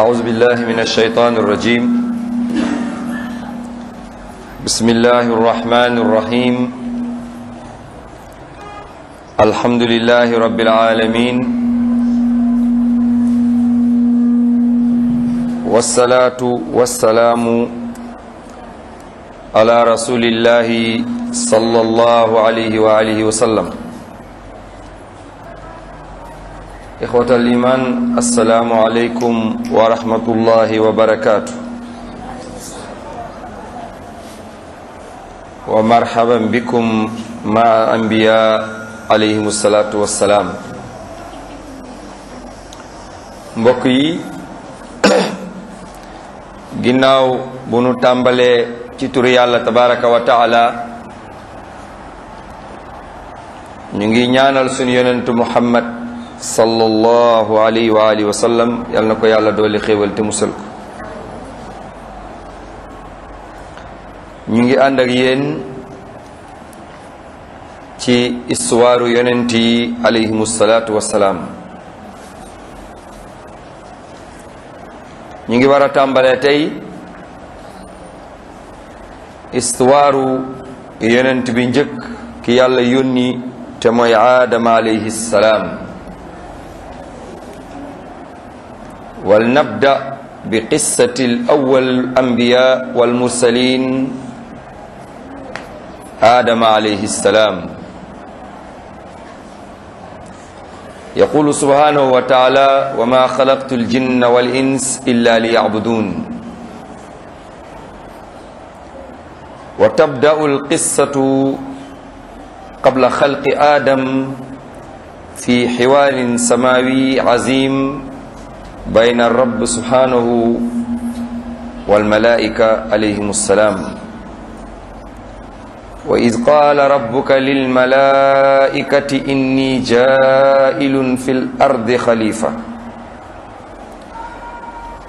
أعوذ بالله من الشيطان الرجيم بسم الله الرحمن الرحيم الحمد لله رب العالمين والصلاة والسلام على رسول الله صلى الله عليه وآله وسلم إخوة الإيمان السلام عليكم ورحمة الله وبركاته ومرحبا بكم مع أنبياء عليهم الصلاة والسلام mbokk yi ginnaaw bu tàmbalee ci turu yàlla tabaraka ñu ngi ñaanal sunu yonentu Muhammad sallallahu alayhi wa alihi yal na ko yàlla doole xéewal te musal ko ñu ngi ànd ak yéen ci istuwaaru yonent yi alayhimu salaatu wassalaam ñu ngi war a tàmbalee tey istuwaaru yonent bi njëkk ki yàlla yónni te mooy aadama alayhi salaam ولنبدأ بقصة الأول الأنبياء والمرسلين آدم عليه السلام يقول سبحانه وتعالى وما خلقت الجن والإنس إلا ليعبدون وتبدأ القصة قبل خلق آدم في حوار سماوي عظيم بين الرب سبحانه والملائكة عليهم السلام وإذ قال ربك للملائكة إني جائل في الأرض خليفة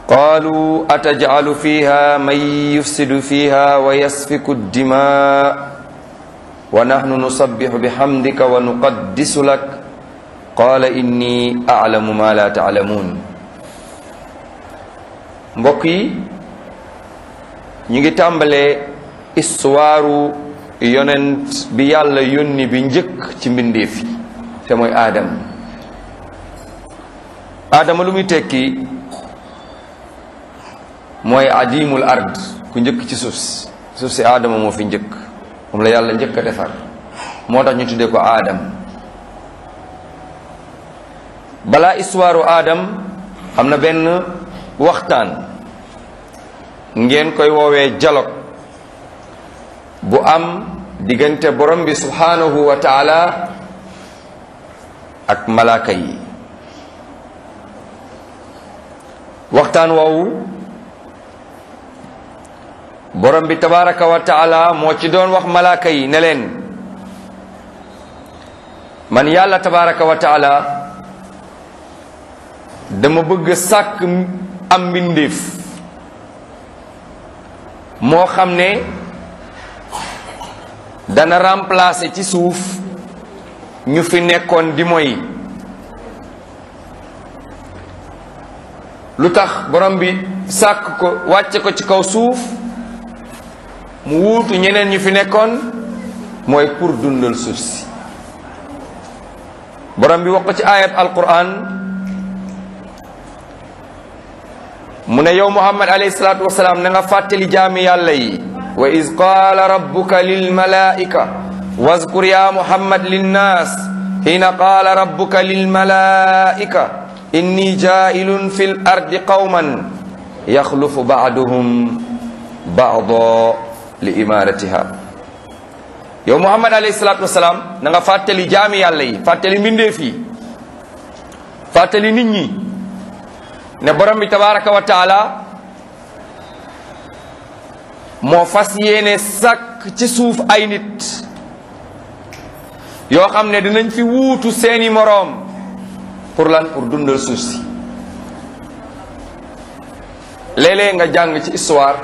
قالوا أتجعل فيها من يفسد فيها ويسفك الدماء ونحن نسبح بحمدك ونقدس لك قال إني أعلم ما لا تعلمون mbokk yi ñu ngi tàmbalee istuwaaru yonent bi yàlla yónni bi njëkk ci mbindeef yi te mooy aadama aadama lu muy tekki mooy adimul ard ku njëkk ci suuf si suuf si adama moo fi njëkk moom la yàlla njëkk a defar moo tax ñu tuddee ko aadam balaa istuwaaru aadam am na benn waxtaan ngeen koy woowee jalok bu am diggante borom bi subhanahu wa taala ak malaaka yi waxtaan woowu borom bi tabaraka wa taala moo ci doon wax malaaka yi ne man yàlla tabaraka wa taala dama bëgg sàkk am mbindéef moo xam ne dana remplacer ci suuf ñu fi nekkoon di moy lu tax borom bi sàkk ko wàcce ko ci kaw suuf mu wuutu ñeneen ñu fi nekkoon mooy pour dundal suuf si borom bi wax ko ci ayat alquran mu ne yow muhammad alayhi salaatu wasalaam na nga fàttali jaami yàlla yi wa iz qaala rabbuka lil malaa'ika wazkur ya muhammad linnaas hiina qaala rabbuka lil malaa'ika inni jaa'ilun fil ardi qawman yaxlufu ba'duhum ba'dan li imaratiha yow muhammad alayhi salaatu wasalaam na nga fàttali jaami yàlla yi fàttali mbindeef yi fàttali nit ñi ne borom bi tabaraka wa taala moo fas yéene sàkk ci suuf ay nit yoo xam ne dinañ fi wuutu seeni moroom pour lan pour dundal suuf si léeg nga jàng ci histoire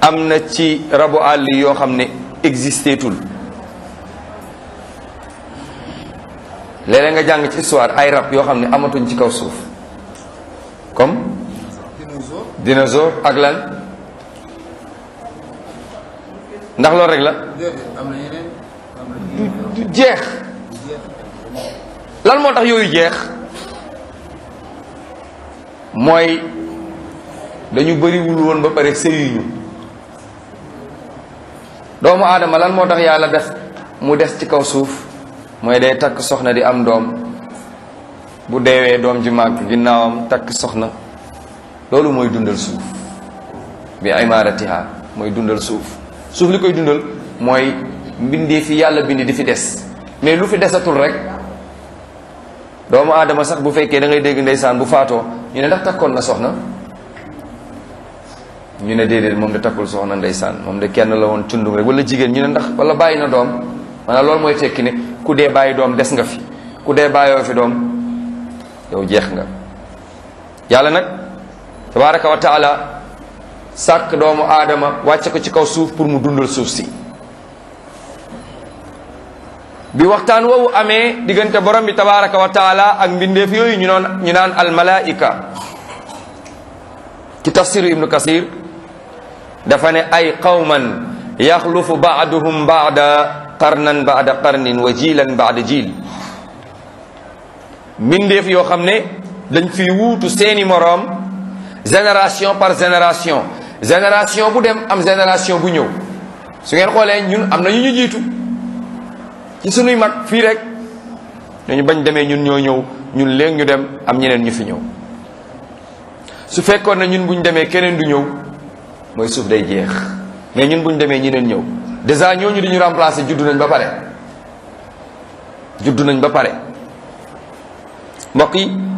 am na ci rabu àll yoo xam ne existé tul léeg nga jàng ci histoire ay rab yoo xam ne amatuñ ci kaw suuf dinosaure ak lan ndax loolu rek la du jeex lan moo tax yooyu jeex mooy dañu bëriwul woon ba pare sëyuñu doomu aadama lan moo tax yàlla def mu des ci kaw suuf mooy day takk soxna di am doom bu deewee doom ji màgg ginnaawam takk soxna loolu mooy dundal suuf bi ay imaratiha mooy dundal suuf suuf li koy dundal mooy mbindee fi yàlla bindi di fi des mais lu fi desatul rek doomu aadama sax bu fekkee da ngay dégg ndeysaan bu faatoo ñu ne ndax takkoon na soxna ñu ne déedéet moom de takkul soxna ndeysaan moom de kenn la woon tundum rek wala jigéen ñu ne ndax wala bàyyi na doom maanaam loolu mooy tekki ne ku dee bàyyi doom des nga fi ku dee bàyyoo fi doom yow jeex nga yàlla nag tabaraka wa taala doomu aadama wàcce ko ci kaw suuf pour mu dundal suuf si bi waxtaan woowu amee diggante borom bi tabaraka wa ak mbindeef yooyu ñu noon ñu naan almalaika ci tafsiru ibnu kasir dafa ne ay qawman yaxlufu baaduhum baada qarnan baada qarnin wa jiilan baada jiil mbindeef yoo xam ne dañ fi wuutu seeni moroom génération par génération génération bu dem am génération bu ñëw su ngeen xoolee ñun am na ñu ñu jiitu ci sunuy mag fii rek ñu bañ demee ñun ñoo ñëw ñun léegi ñu dem am ñeneen ñu fi ñëw su fekkoon na ñun bu ñu demee keneen du ñëw mooy suuf day jeex mais ñun bu ñu demee ñeneen ñëw déjà ñooñu di ñu remplacer juddu nañ ba pare juddu nañ ba pare mbokk yi.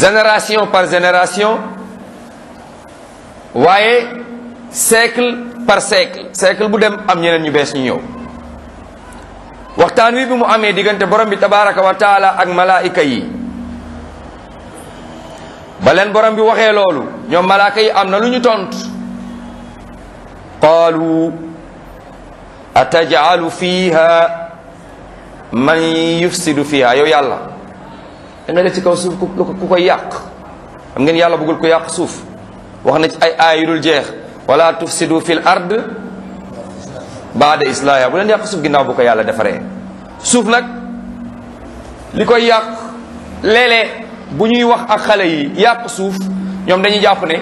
génération par génération waaye siècle par siècle siècle bu dem am ñeneen ñu bees ñu ñëw waxtaan wi bi mu amee diggante borom bi tabaraka wa taala ak malaayika yi ba borom bi waxee loolu ñoom malaaka yi am na lu ñu tont qaalu atajalu fiha man yufsidu fiha yow yàlla da nga def ci kaw suuf ku koy yàq xam ngeen yàlla bëggul ko yàq suuf wax na ci ay aay yu dul jeex wala tufsidu fil ard baada islaaha bu leen yàq suuf ginnaaw bu ko yàlla defaree suuf nag li koy yàq léeg bu ñuy wax ak xale yi yàq suuf ñoom dañuy jàpp ne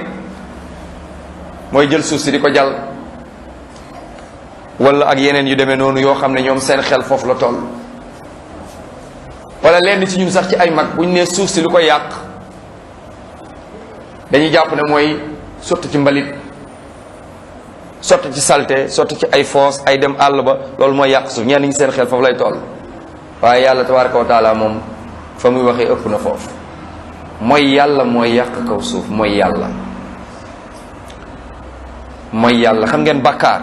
mooy jël suuf si di ko jàll wala ak yeneen yu demee noonu yoo xam ne ñoom seen xel foofu la tool wala lenn ci ñun sax ci ay mag bu ñu nee suuf si lu ko yàq dañuy jàpp ne mooy sotti ci mbalit sotti ci salte sotti ci ay foos ay dem àll ba loolu mooy yàq suuf ñenn ñi seen xel foofu lay toll waaye yàlla tabaaraka wa taala moom fa muy waxee ëpp na foofu mooy yàlla mooy yàq kaw suuf mooy yàlla mooy yàlla xam ngeen bàkkaar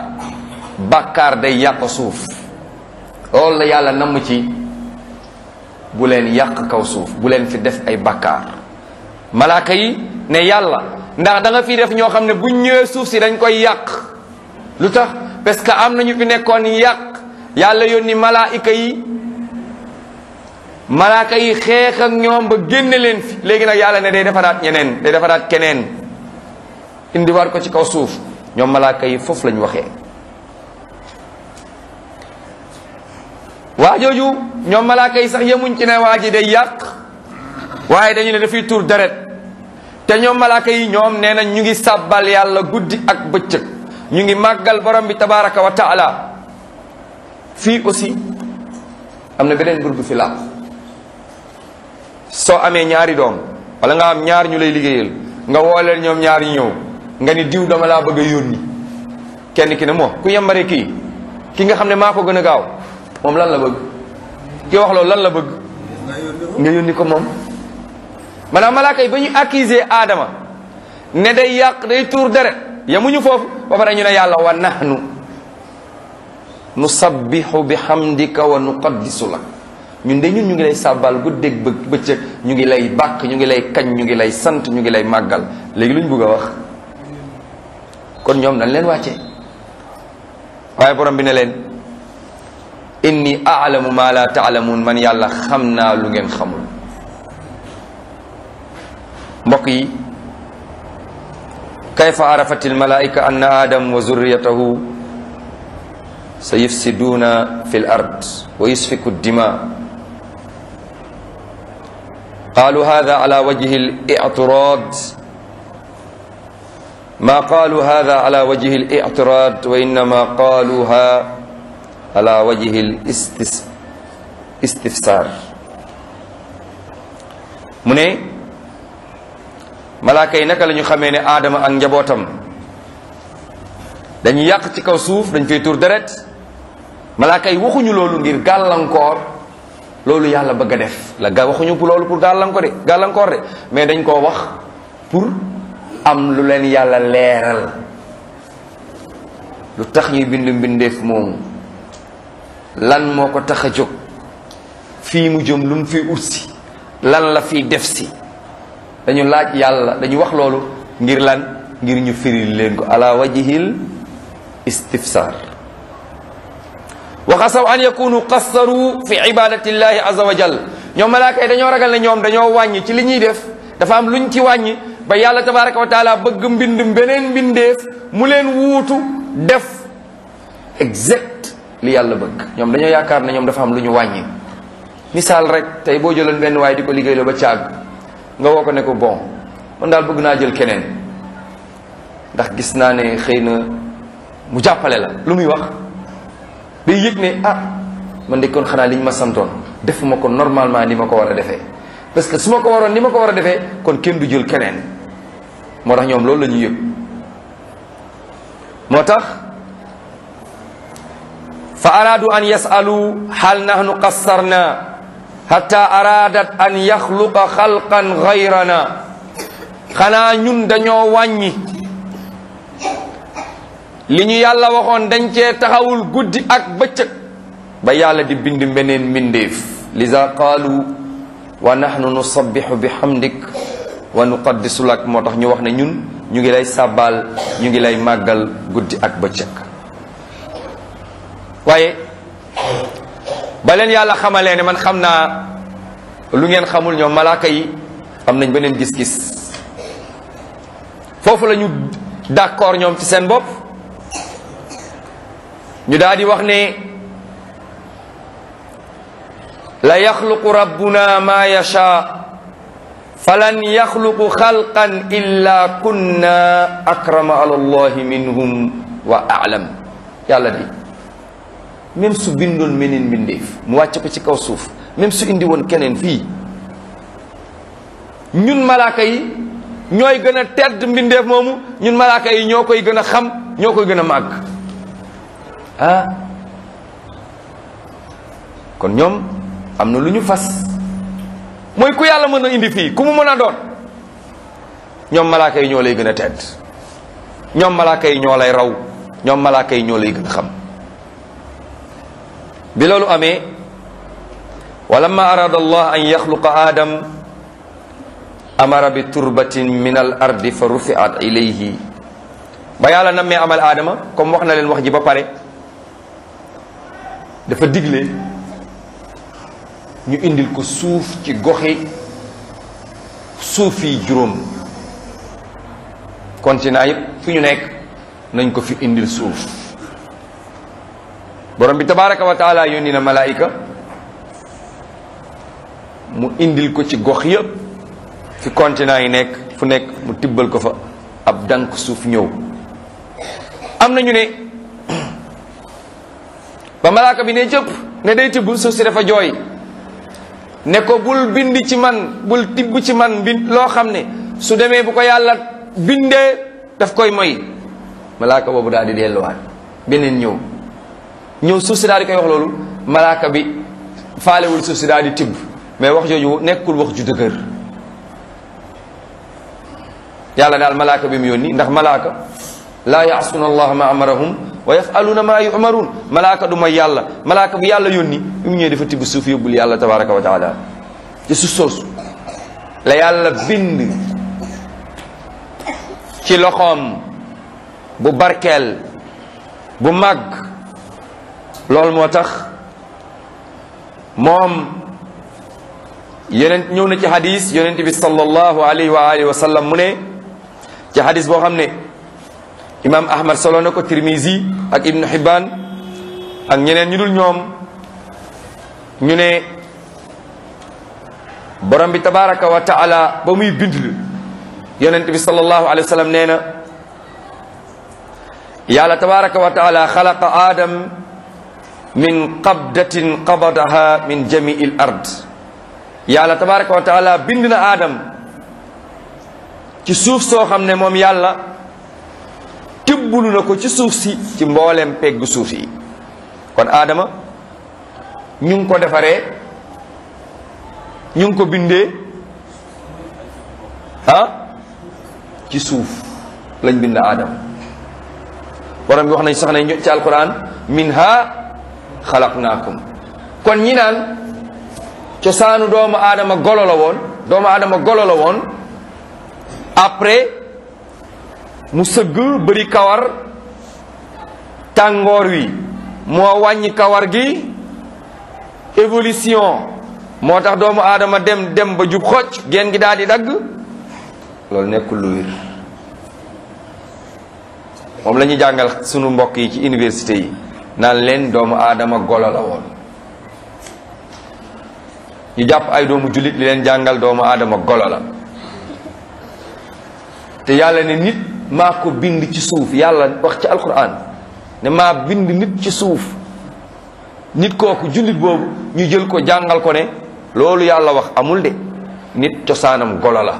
bàkkaar day yàq suuf loolu la yàlla namm ci bu leen yàq kaw suuf bu leen fi def ay bakkaar malaaka yi ne yàlla ndax danga nga fi def ñoo xam ne buñ ñëwee suuf si dañ koy yàq lu tax parce que am na ñu fi nekkoon yàq yàlla yoon ni malaaka yi malaaka yi xeex ak ñoom ba génne leen fi léegi nag yàlla ne day defaraat ñeneen day defaraat keneen indiwaat ko ci kaw suuf ñoom malaaka yi foofu lañ waxee waa jooju ñoom malaaka yi sax yëmuñ ci ne waa ji day yàq waaye dañu ne dafay tuur deret te ñoom malaaka yi ñoom nee nañ ñu ngi sàbbal yàlla guddi ak bëccëg ñu ngi màggal borom bi tabaraka wa taala fii aussi am na beneen groupe fi soo amee ñaari doom walla nga am ñaar ñu lay liggéeyal nga woo ñoom ñaari ñëw nga ni diw dama laa bëgg yónni kenn ki ne moo ku yembaree kii ki nga xam ne maa ko gën a gaaw moom lan la bëgg ki wax loolu lan la bëgg nga yónni ko moom maanaam malaaka yi ba ñu accuser Adama ne day yàq day tuur deret yamuñu foofu ba pare ñu ne yàlla wa nahnu nusabbihu bi hamdika wa nuqaddisu lak ñun de ñun ñu ngi lay sàbbal guddeeg bë bëccëg ñu ngi lay bàkk ñu ngi lay kañ ñu ngi lay sant ñu ngi lay màggal léegi lu ñu bëgg a wax kon ñoom nañ leen wàccee waaye borom bi ne leen inni aalamu maa laa taalamuun man yàlla xam naa lu ngeen xamul mbokk yi kayfa arafat almalaika ann adam wa zurriyatahu sa yufsiduuna fi l ard wa yusfiku dima qaalu hada ala wajhi al ictirad maa qaalu hada ala wajhi al ictirad wa innama qaaluha ala wajihil istis istifsar mu ne malaaka yi naka la xamee ne aadama ak njabootam dañu yàq ci kaw suuf dañ fay tur deret malaaka yi waxuñu loolu ngir gàllankoor loolu yàlla bëgg a def la ga waxuñu pour loolu pour gàllankoor de gàllankoor de mais dañ koo wax pour am lu leen yàlla leeral lu tax ñuy bindu mbindeef moomu lan moo ko tax a jóg fii mu jëm lu mu fi ut si lan la fi def si dañu laaj yàlla dañu wax loolu ngir lan ngir ñu firil leen ko ala wajihil istifsar wa xasaw an yakunu qassaru fi ibadatillahi azza wa jal ñoom malaaka yi dañoo ragal ne ñoom dañoo wàññi ci li ñuy def dafa am luñ ci wàññi ba yàlla tabaraka wa taala bëgg mbind beneen mbindeef mu leen wuutu def exact li yàlla bëgg ñoom dañoo yaakaar ne ñoom dafa am lu ñu wàññi misaal rek tey boo jëloon benn waaye di ko liggéey la ba caag nga woo ko ne ko bon man daal bëgg naa jël keneen ndax gis naa ne xëy na mu jàppale la lu muy wax day yëg ne ah ma de xanaa li ñu ma santoon defuma ko normalement ni ma ko war a defee parce que su ma ko waroon ni ma ko war a defe kon kenn du jël keneen moo tax ñoom loolu lañu ñuy yëg moo tax fa araadu an yasalu hal nahnu qassarna hatta araadat an yaxluqa xalqan gayrana xanaa ñun dañoo wàññi li ñu yàlla waxoon dañ cee taxawul guddi ak bëccëg ba yàlla di bind mbeneen mbindeef liza qaalu wa nahnu nusabbihu bihamdik wa nuqaddisu lak moo tax ñu wax ne ñun ñu ngi lay sàbbaal ñu ngi lay màggal guddi ak bëccëg waaye baleen leen yàlla xamalee ne man xam naa lu ngeen xamul ñoom malaaka yi am nañ beneen gis-gis foofu la ñu d'accord ñoom ci seen bopp ñu daal wax ne la yaxluqu rabbuna ma yasha falan yaxluqu xalqan illa kunna akrama ala allahi minhum wa alam yàlla di même su bindoon meneen mbindeef mu wàcc ko ci kaw suuf même su indi woon keneen fii ñun malaaka yi ñooy gën a tedd mbindeef moomu ñun malaaka yi ñoo koy gën a xam ñoo koy gën a màgg ah. kon ñoom am na lu ñu fas mooy ku yàlla mën a indi fii ku mu mën a doon ñoom malaaka yi ñoo lay gën a tedd ñoom malaaka yi ñoo lay raw ñoom malaaka yi ñoo lay gën a xam bi loolu amee wa lamma arada allah an yaxluqa aadam amara bi turbatin min al ardi fa rufiat ilayhi ba yàlla nammee amal aadama comme wax na leen wax ji ba pare dafa digle ñu indil ko suuf ci goxi suuf yi juróom continent yépp fu ñu nekk nañ ko fi indil suuf borom bi tabaraka wa taala yónni na malaayika mu indil ko ci gox yépp fi continent yi nekk fu nekk mu tibbal ko fa ab dànk suuf ñëw am na ñu ne ba malaaka bi ne cëpp ne day tibb suuf si dafa jooy ne ko bul bind ci man bul tibb ci man bind loo xam ne su demee bu ko yàlla bindee daf koy moy malaaka boobu daal di delluwaat beneen ñëw ñëw suuf si daal di koy wax loolu malaaka bi faalewul suuf si daal di tibb mais wax jooju nekkul wax ju dëgër yàlla daal malaaka bi mu yónni ndax malaaka laa yaasuna allaha ma amarahum wa yafaluuna maa yumaruun malaaka du may yàlla malaaka bu yàlla yónni i mu ñëwee dafa tibb suuf yóbbul yàlla tabaraka wa taala ci suuf soosu la yàlla bind ci loxoom bu barkeel bu màgg loolu moo tax moom yeneen ñëw na ci hadis yonent bi sallallahu alayhi wa wa sallam mu ne ci hadis boo xam ne imam ahmad solo na ko tirmisi ak ibnu hibban ak ñeneen ñu dul ñoom ñu ne borom bi tabaraka wa taala ba muy bind yonent bi sallallahu alayhi wa sallam nee na yàlla tabaraka wa taala xalaqa adam min qabdatin qabadaha min jamiil ard yàlla tabaraka wa taala bind na aadam ci suuf soo xam ne moom yàlla tibbulu na ko ci suuf si ci mbooleem peggu suuf yi kon aadama ñu ngi ko defaree ñu ngi ko bindee ah ci suuf lañ bind aadam borom bi wax nañ sax ne ci alquran min ha naa xalaqnaakum kon ñi naan cosaanu doomu aadama golo la woon doomu aadama golo la woon après mu sëgg bari kawar tàngoor wi moo wàññi kawar gi évolution moo tax doomu aadama dem dem ba jub xocc gen gi daal di dagg loolu nekkul lu moom la ñuy jàngal sunu mbokk yi ci université yi naan leen doomu aadama golo la woon ñu jàpp ay doomu jullit li leen jàngal doomu aadama golo la te yàlla ne nit maa ko bind ci suuf yàlla wax ci alquran ne maa bind nit ci suuf nit kooku jullit boobu ñu jël ko jàngal ko ne loolu yàlla wax amul de nit cosaanam golo la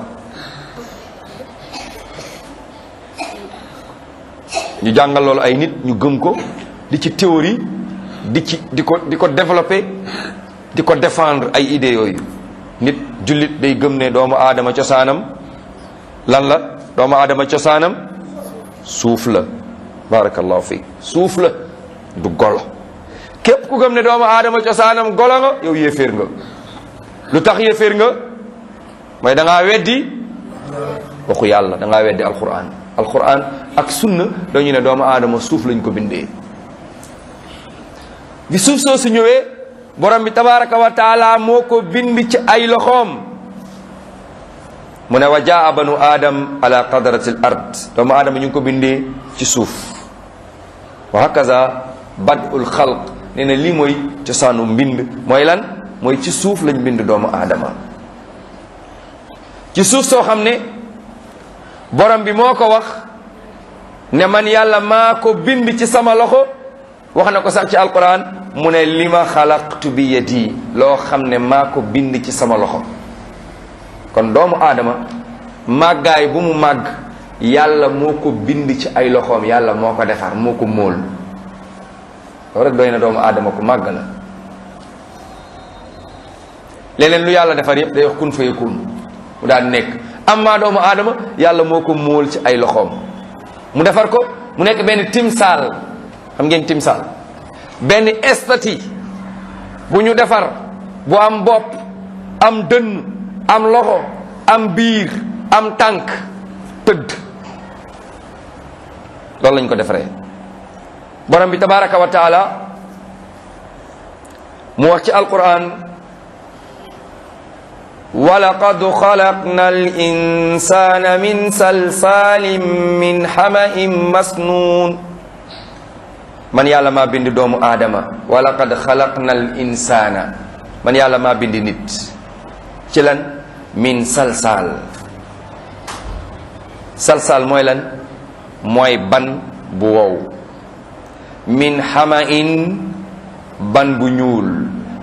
ñu jàngal loolu ay nit ñu gëm ko di ci théorie di ci di ko di ko développer di ko défendre ay idées yooyu nit jullit day gëm ne doomu aadama cosaanam lan la doomu aadama cosaanam suuf la barakallahu fiik suuf la du golo képp ku gëm ne doomu aadama cosaanam golo nga yow yéeféer nga lu tax yéeféer nga mooy danga ngaa weddi waxu yàlla da ngaa weddi alquran alquran ak sunna dañu ne doomu aadama suuf lañ ko bindee bi suuf soo su ñëwee borom bi tabaraka moo ko bind ci ay loxoom mu ne wa jaa banu aadam ala qadrati l ard doomu aadama ñu ko bindee ci suuf wa hakaza badul xalq nee na lii mooy cosaanu mbind mooy lan mooy ci suuf lañ bind doomu aadama ci suuf soo xam ne borom bi moo ko wax ne man yàlla maa ko bind ci sama loxo wax na ko sax ci alquran mu ne li ma xalaqtu bi yadi loo xam ne maa ko bind ci sama loxo kon doomu aadama màggaay bu mu màgg yàlla moo ko bind ci ay loxoom yàlla moo ko defar moo ko móol loolu doomu aadama ku màgg leneen lu yàlla defar yépp day wax kun fayakun mu daan nekk amma doomu aadama yàlla moo ko móol ci ay loxoom mu defar ko mu nekk benn timsaal xam ngeen timsaan benn estati bu ñu defar bu am bopp am dënn am loxo am biir am tànk tëdd loolu lañ ko defaree borom bi tabaraka wa taala mu wax ci alquran walaqad xalaqna al insana min salsalin min xamain masnun man yàlla ma bind doomu aadama wa laqad xalaqna al insaana man yàlla ma bind nit ci lan min salsaal salsaal mooy lan mooy ban bu wow min xama ban bu ñuul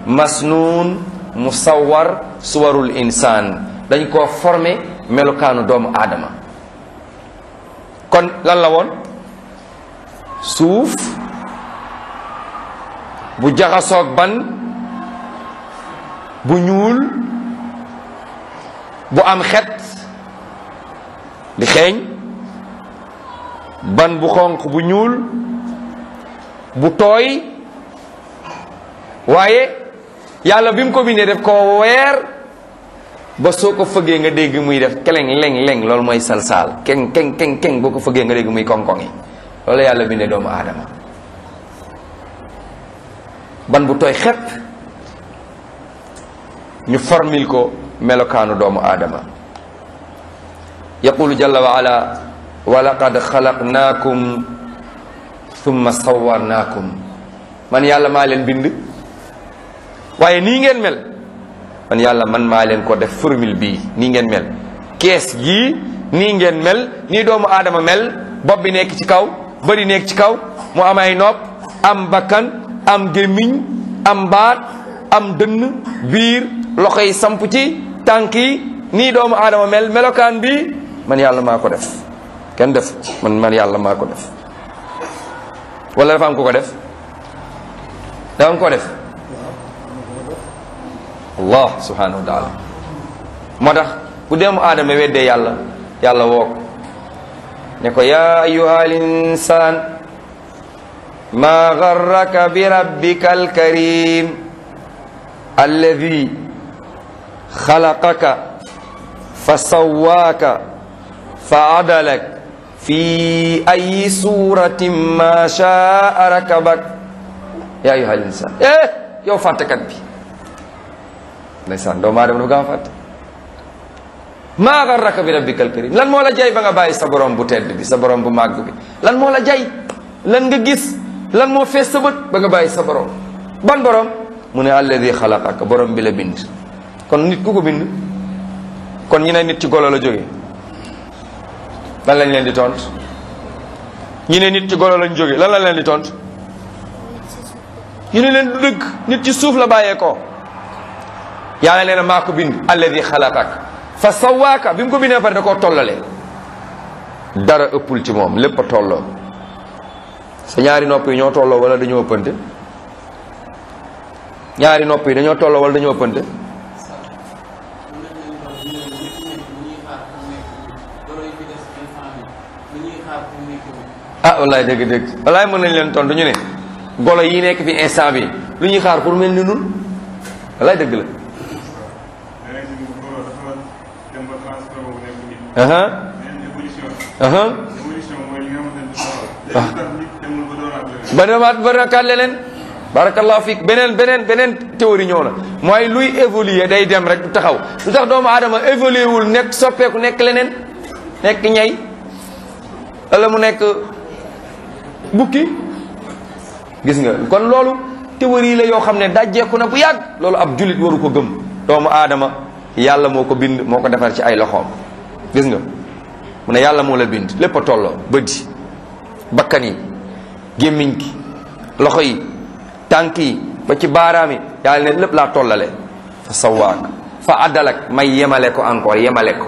masnuun musawar suwarul insaan dañ koo formé melukaanu doomu aadama kon lan la woon suuf bu jaxasoog ban bu ñuul bu am xet di xeeñ ban bu xonq bu ñuul bu tooy waaye yàlla bi mu ko bindee def ko weer ba soo ko fëggee nga dégg muy def keleng leng leng loolu mooy salsaal keng keng keng keng boo ko fëggee nga dégg muy koŋ-koŋ loolu yàlla bindee doomu aadama ban bu tooy xepp ñu formil ko melokaanu doomu aadama yaqulu jalla wa ala wa laqad xalaqnaakum thumma sawarnaakum man yàlla maa leen bind waaye nii ngeen mel man yàlla man maa leen ko def formil bii nii ngeen mel kees gi nii ngeen mel nii doomu aadama mel bopp bi nekk ci kaw bëri nekk ci kaw mu am nopp am bakkan am gémmiñ am baat am dënn biir loxo yi samp ci tànk yi nii doomu aadama mel melokaan bi man yàlla maa ko def kenn def man man yàlla maa ko def wala dafa ko def dafa am ko def allah subhanahu wa taala moo tax bu doomu aadama weddee yàlla yàlla woo ne ko yaa ayyuhal insaan ما غرك بربك الكريم الذي خلقك فسواك فعدلك في أي سورة ما شاء ركبك يا أيها الإنسان إيه يو فاتكت بي ndeysaan doomu aadama dafa gaaw fàtte maa garraka bi rabbikal karim lan moo la jay ba nga bàyyi sa borom bu tedd bi sa borom bu màgg bi lan moo la jay lan nga gis lan moo fees sa bët ba nga bàyyi sa borom ban borom mu ne alladi xalaqaka borom bi la bind kon nit ku ko bind kon ñi ne nit ci golo la jóge lan lañ leen di tont ñu ne nit ci golo lañ jóge lan lañ leen di tont ñu ne leen du dëgg nit ci suuf la bàyyeekoo yàlla nee na maa ko bind alladi xalaqak fa sawaaka bi mu ko bindee pare da koo tollale dara ëppul ci moom lépp a tolloo sa ñaari nopp yi ñoo tolloo wala dañoo ëppante ñaari nopp yi dañoo tolloo wala dañoo ëppante ah wallaay dëgg dëgg wallaay mën nañ leen tontu ñu ne golo yi nekk fi instant bi lu ñuy xaar pour mel ni nun wallaay dëgg la aha ah. ah, ah. ba demaat ba rakkaat leneen barakallahu fiik beneen beneen beneen théorie ñëw na mooy luy évoluer day dem rek du taxaw lu tax doomu aadama évoluer wul nekk soppeeku nekk leneen nekk ñay wala mu nekk bukki gis nga kon loolu théorie la yoo xam ne dajjeeku na bu yàgg loolu ab jullit waru ko gëm doomu aadama yàlla moo ko bind moo ko defar ci ay loxoom gis nga mu ne yàlla moo la bind lépp tolloo bët yi bakkan yi gémmiñ gi loxo yi tànk yi ba ci baaraam yi yàlla ne lépp laa tollale fa sawaak fa addalak may yemale ko encore yemale ko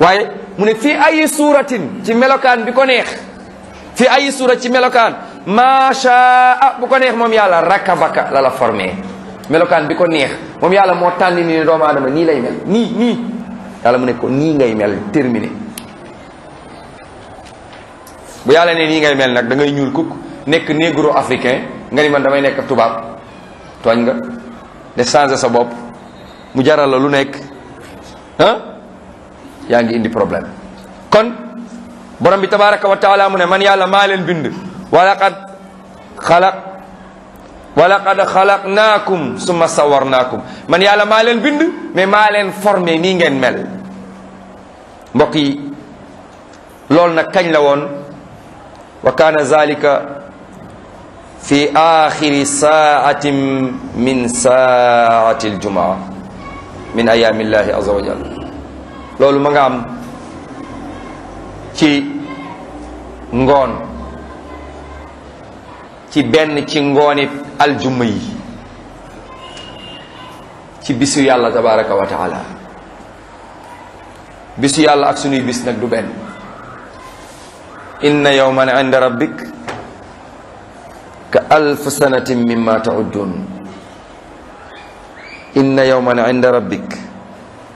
waaye mu ne fii ay suuratin ci melokaan bi ko neex fii ay suura ci melokaan macha ah bu ko neex moom yàlla rakabaka la la formé melokaan bi ko neex moom yàlla moo tànn ni doomu aadama nii la mel nii nii yàlla mu ne ko nii ngay mel terminé bu yàlla ne nii ngeen mel nag da ngay ñuul kukk nekk négro africain nga ni man damay nekk tubaab tooñ nga de changer sa bopp mu jaral la lu nekk ah yaa ngi indi problème kon borom bi tabaraka wa mu ne man yàlla maa leen bind walaqad xalaq walaqad xalaqnaakum summa sawarnaakum man yàlla maa bind mais maa leen formé nii ngeen mel mbokk yi loolu nag kañ la woon wa kaana zalika fi axiri saatin min saati aljumaa min ayaami llahi azza wa jalla loolu ma nga am ci ngoon ci benn ci ngooni aljuma yi ci bisu yàlla tabaraka wa taala bisu yàlla ak sunuy bis nag du benn inna yawman inda rabbik ka alf sanatin mimma ta'uddun inna yawman inda rabbik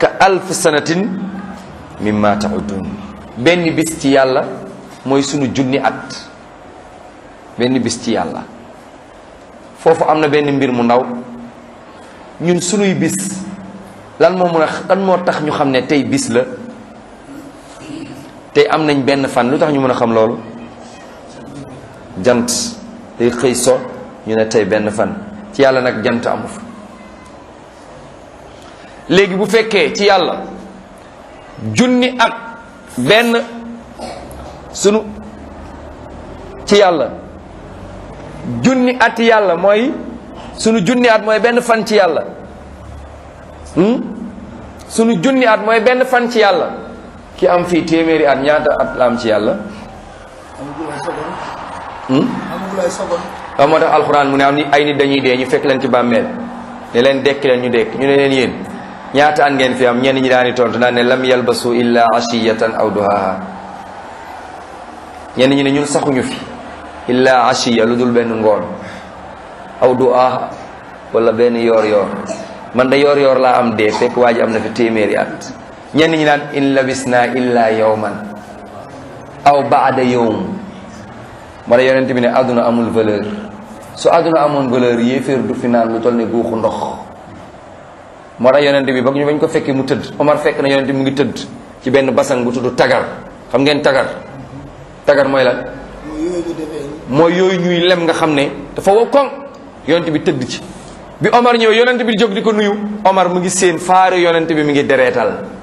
ka alf sanatin mimma ta'uddun benn bis ci yàlla mooy sunu junni at benn bis ci yàlla foofu am na benn mbir mu ndaw ñun sunuy bis lan moo mën a lan moo tax ñu xam ne tey bis la tey am nañ benn fan lu tax ñu mën a xam loolu jant day xëy so ñu ne tey benn fan ci yàlla nag jant amu léegi bu fekkee ci yàlla junni ak benn sunu ci yàlla junni at yàlla mooy sunu junni at mooy benn fan ci yàlla hmm? sunu junni at mooy benn fan ci yàlla ki am fii téeméeri at ñaata at la am ci yàlla. Hmm? amagulay moo tax alxuraan mu ne am ni ay nit dañuy dee ñu fekk leen ci bàmmeel ne leen dekk leen ñu dekk ñu ne leen yéen ñaata at ngeen fi am ñenn ñi daani tontu naan ne lam yalbasu illa ashiyatan aw duhaha ñenn ñi ne ñun saxuñu fi illa ashiya lu dul benn ngoon aw duhaha wala benn yoor yoor man da yoor yoor laa am dee fekk waa ji am na fi téeméeri at ñenn ñi naan in labisna illa yawman aw baada yawm moo tax yonent bi ne àdduna amul valeur su àdduna amoon valeur yéeféer du fi naan lu toll ne guuxu ndox moo tax yonent bi ba ñu bañ ko fekkee mu tëdd Omar fekk na yonent bi mu ngi tëdd ci benn basan bu tudd tagar xam ngeen tagar tagar mooy la mooy yooyu ñuy lem nga xam ne dafa wow koŋ yonent bi tëdd ci bi Omar ñëw yonent bi jóg di ko nuyu Omar mu ngi seen faaru yonent bi mu ngi dereetal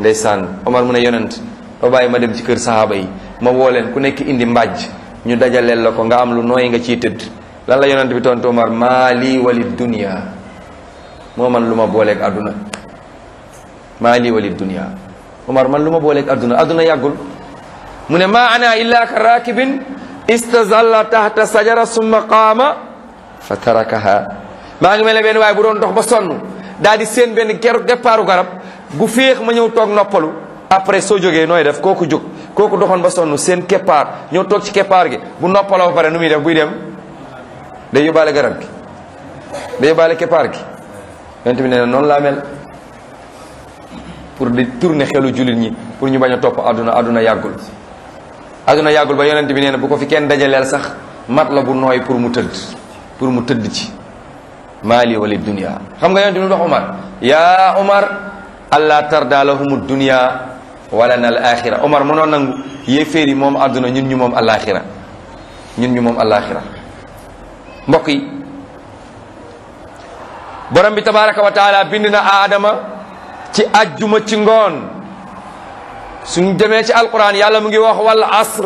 ndeysaan Omar mu ne yonent ba ma dem ci kër saxaaba yi ma woo ku nekk indi mbàjj ñu dajaleel la ko nga am lu nooy nga ciy tëdd lan la yonent bi tontu Omar maa lii wali dunia man lu ma booleeg àdduna maa lii man lu ma booleeg àdduna àdduna yàggul mu ne maa ana illa ka raakibin istazalla tahta sajara summa qaama fa tarakaha maa ngi mel ne benn waaye bu doon dox ba sonn daal di seen benn keru départu garab gu féex ma ñëw toog noppalu après soo jógee nooy def kooku jóg kooku doxoon ba sonn seen keppaar ñëw toog ci keppaar gi bu noppaloo ba pare nu muy def buy dem day yóbbaale garab gi day yóbbaale keppaar gi yonent bi nee na noonu laa mel pour di tourner xelu jullit ñi pour ñu bañ a topp àdduna àdduna yàggul àdduna yàggul ba yonent bi nee bu ko fi kenn dajaleel sax mat la bu nooy pour mu tëdd pour mu tëdd ci maali wali xam nga yonent bi wax Omar yaa allah tarda lahum dunia wala na al axira omar mënoon nangu yéeféer yi moom àdduna ñun ñu moom alaxira ñun ñu moom alaxira yi borom bi tabaraka wa bind na aadama ci ajjuma ci ngoon suñ demee ci alquran yàlla mu ngi wax wal asr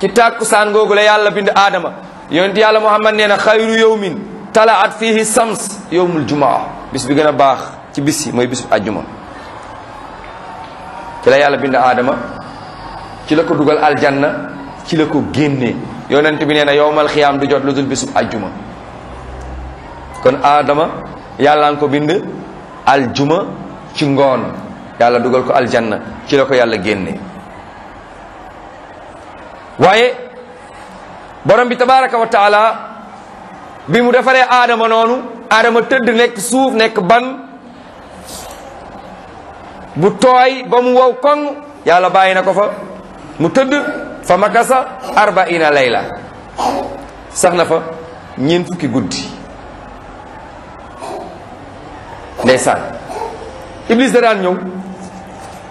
ci tàkkusaan googu la yàlla bind aadama yonent yàlla muhammad nee na xayru yowmin talaat fihi sams yowmul jumaa bis bi gën a baax ci bis yi mooy bis bu ajjuma ci la yàlla bind aadama ci la ko dugal aljana ci la ko génnee yonent bi nee na yowmal xiyaam du jot lu dul bisub ajjuma kon aadama yàlla nga ko bind aljuma ci ngoon yàlla dugal ko aljanna ci la ko yàlla génnee waaye borom bi tabaraka wa taala bi mu defaree aadama noonu aadama tëdd nekk suuf nekk ban bu tooy ba mu wow koŋ yàlla bàyyi na ko fa mu tëdd fa makasa arbaina la sax na fa ñeent fukki guddi ndeysaan iblis da daan ñëw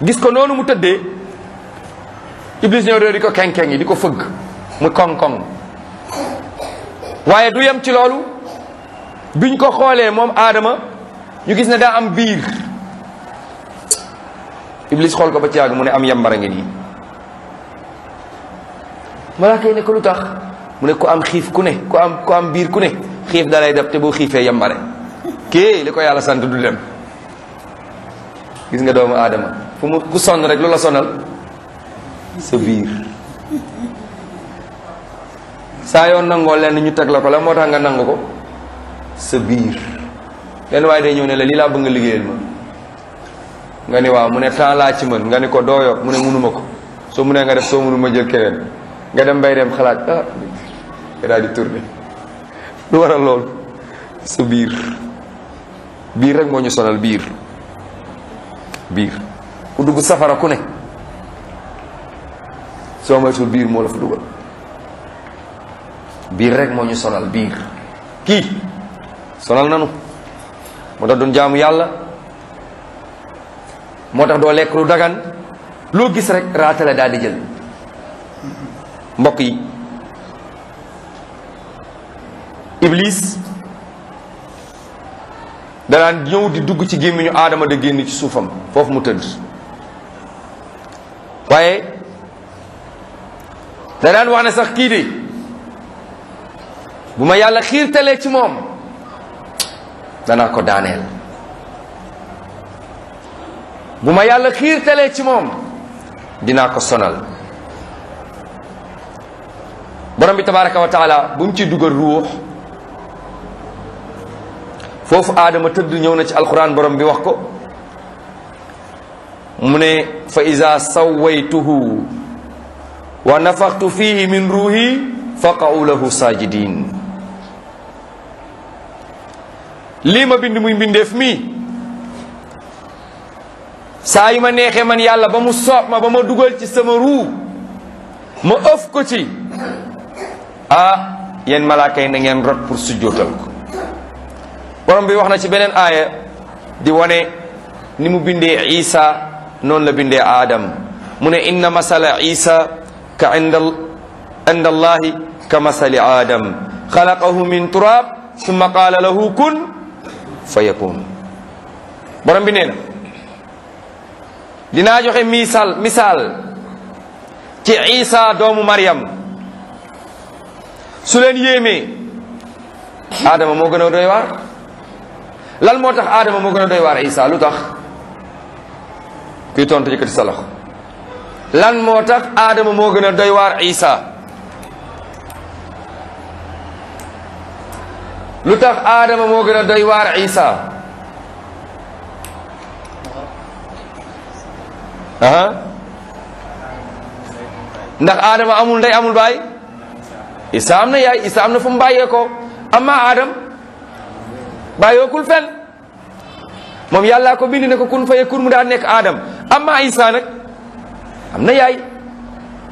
gis ko noonu mu tëddee iblis ñëw doo di ko kenken yi di ko fëgg mu koŋ-koŋ waaye du yem ci loolu biñ ko xoolee moom aadama ñu gis ne daa am biir Iblis xool ko ba ci yàgg mu ne am yambara ngi nii malaaka yi ne ko lu tax mu ne ku am xiif ku ne ku am ku am biir ku ne xiif dalay def te boo xiifee yambare kii li ko yàlla sant du dem gis nga doomu aadama fu mu ku sonn rek lu la sonal sa biir saa yoo nangoo lenn ñu teg la ko la moo tax nga nangu ko sa biir lenn waaye day ñëw ne la lii laa bëgg nga liggéeyal ma nga ni waaw mu ne temps laa ci mën nga ni ko doo yor mu ne mënuma ko soo nee nga def soo munuma jël keneen nga dem bay dem xalaat ah daal di tourné lu war a lool sa biir biir rek moo ñu sonal biir biir ku dugg safara ku ne soo moytul biir moo la dugal biir rek moo ñu sonal biir kii sonal nanu moo tax doon jaamu yàlla moo tax doo lekk lu dagan loo gis rek raata la daal di jël mbokk yi iblis danaan ñëw di dugg ci gémmiñu aadama da génn ci suufam foofu mu tëdd waaye danaan wax ne sax kii de bu ma yàlla xiirtalee ci moom danaa ko daaneel bu ma yàlla xiirtalee ci moom dinaa ko sonal borom bi tabaraka wa taala bu mu ci dugal ruux foofu aadama tëdd ñëw na ci alquran borom bi wax ko mu ne fa ida sawaytuhu wa nafaxtu fihi min ruuhi faqaw lahu sajidin lii ma bind muy mbindeef mi saa yu ma neexee man yàlla ba mu soob ba ma dugal ci sama ruu ma ëf ko ci ah yéen malaaka yi na ngeen rot pour sujjootal ko bi wax na ci beneen aaya di wane ni mu bindee isa noonu bindee aadam mu ne inna masala isa ka inda inda allahi ka masali aadam xalaqahu min turab summa qaala lahu kun fa yakun borom bi dinaa joxe misaal misaal ci Isa doomu mariyam su leen yéemee Adama moo gën a doy waar lan moo tax Adama moo gën a doy waar Isa lu tax kuy tontu yëkkati sa loxo lan moo tax Adama moo gën a doy waar Isa lu tax Adama moo gën a doy waar Isa ah ndax aadama amul ndey amul baay isa am na yaay isa am na fu mu bàyyee ko amma aadam bàyyookul fenn moom yàllaa ko bind ne ko kun fayee kun mu daan nekk aadam amma isa nag am na yaay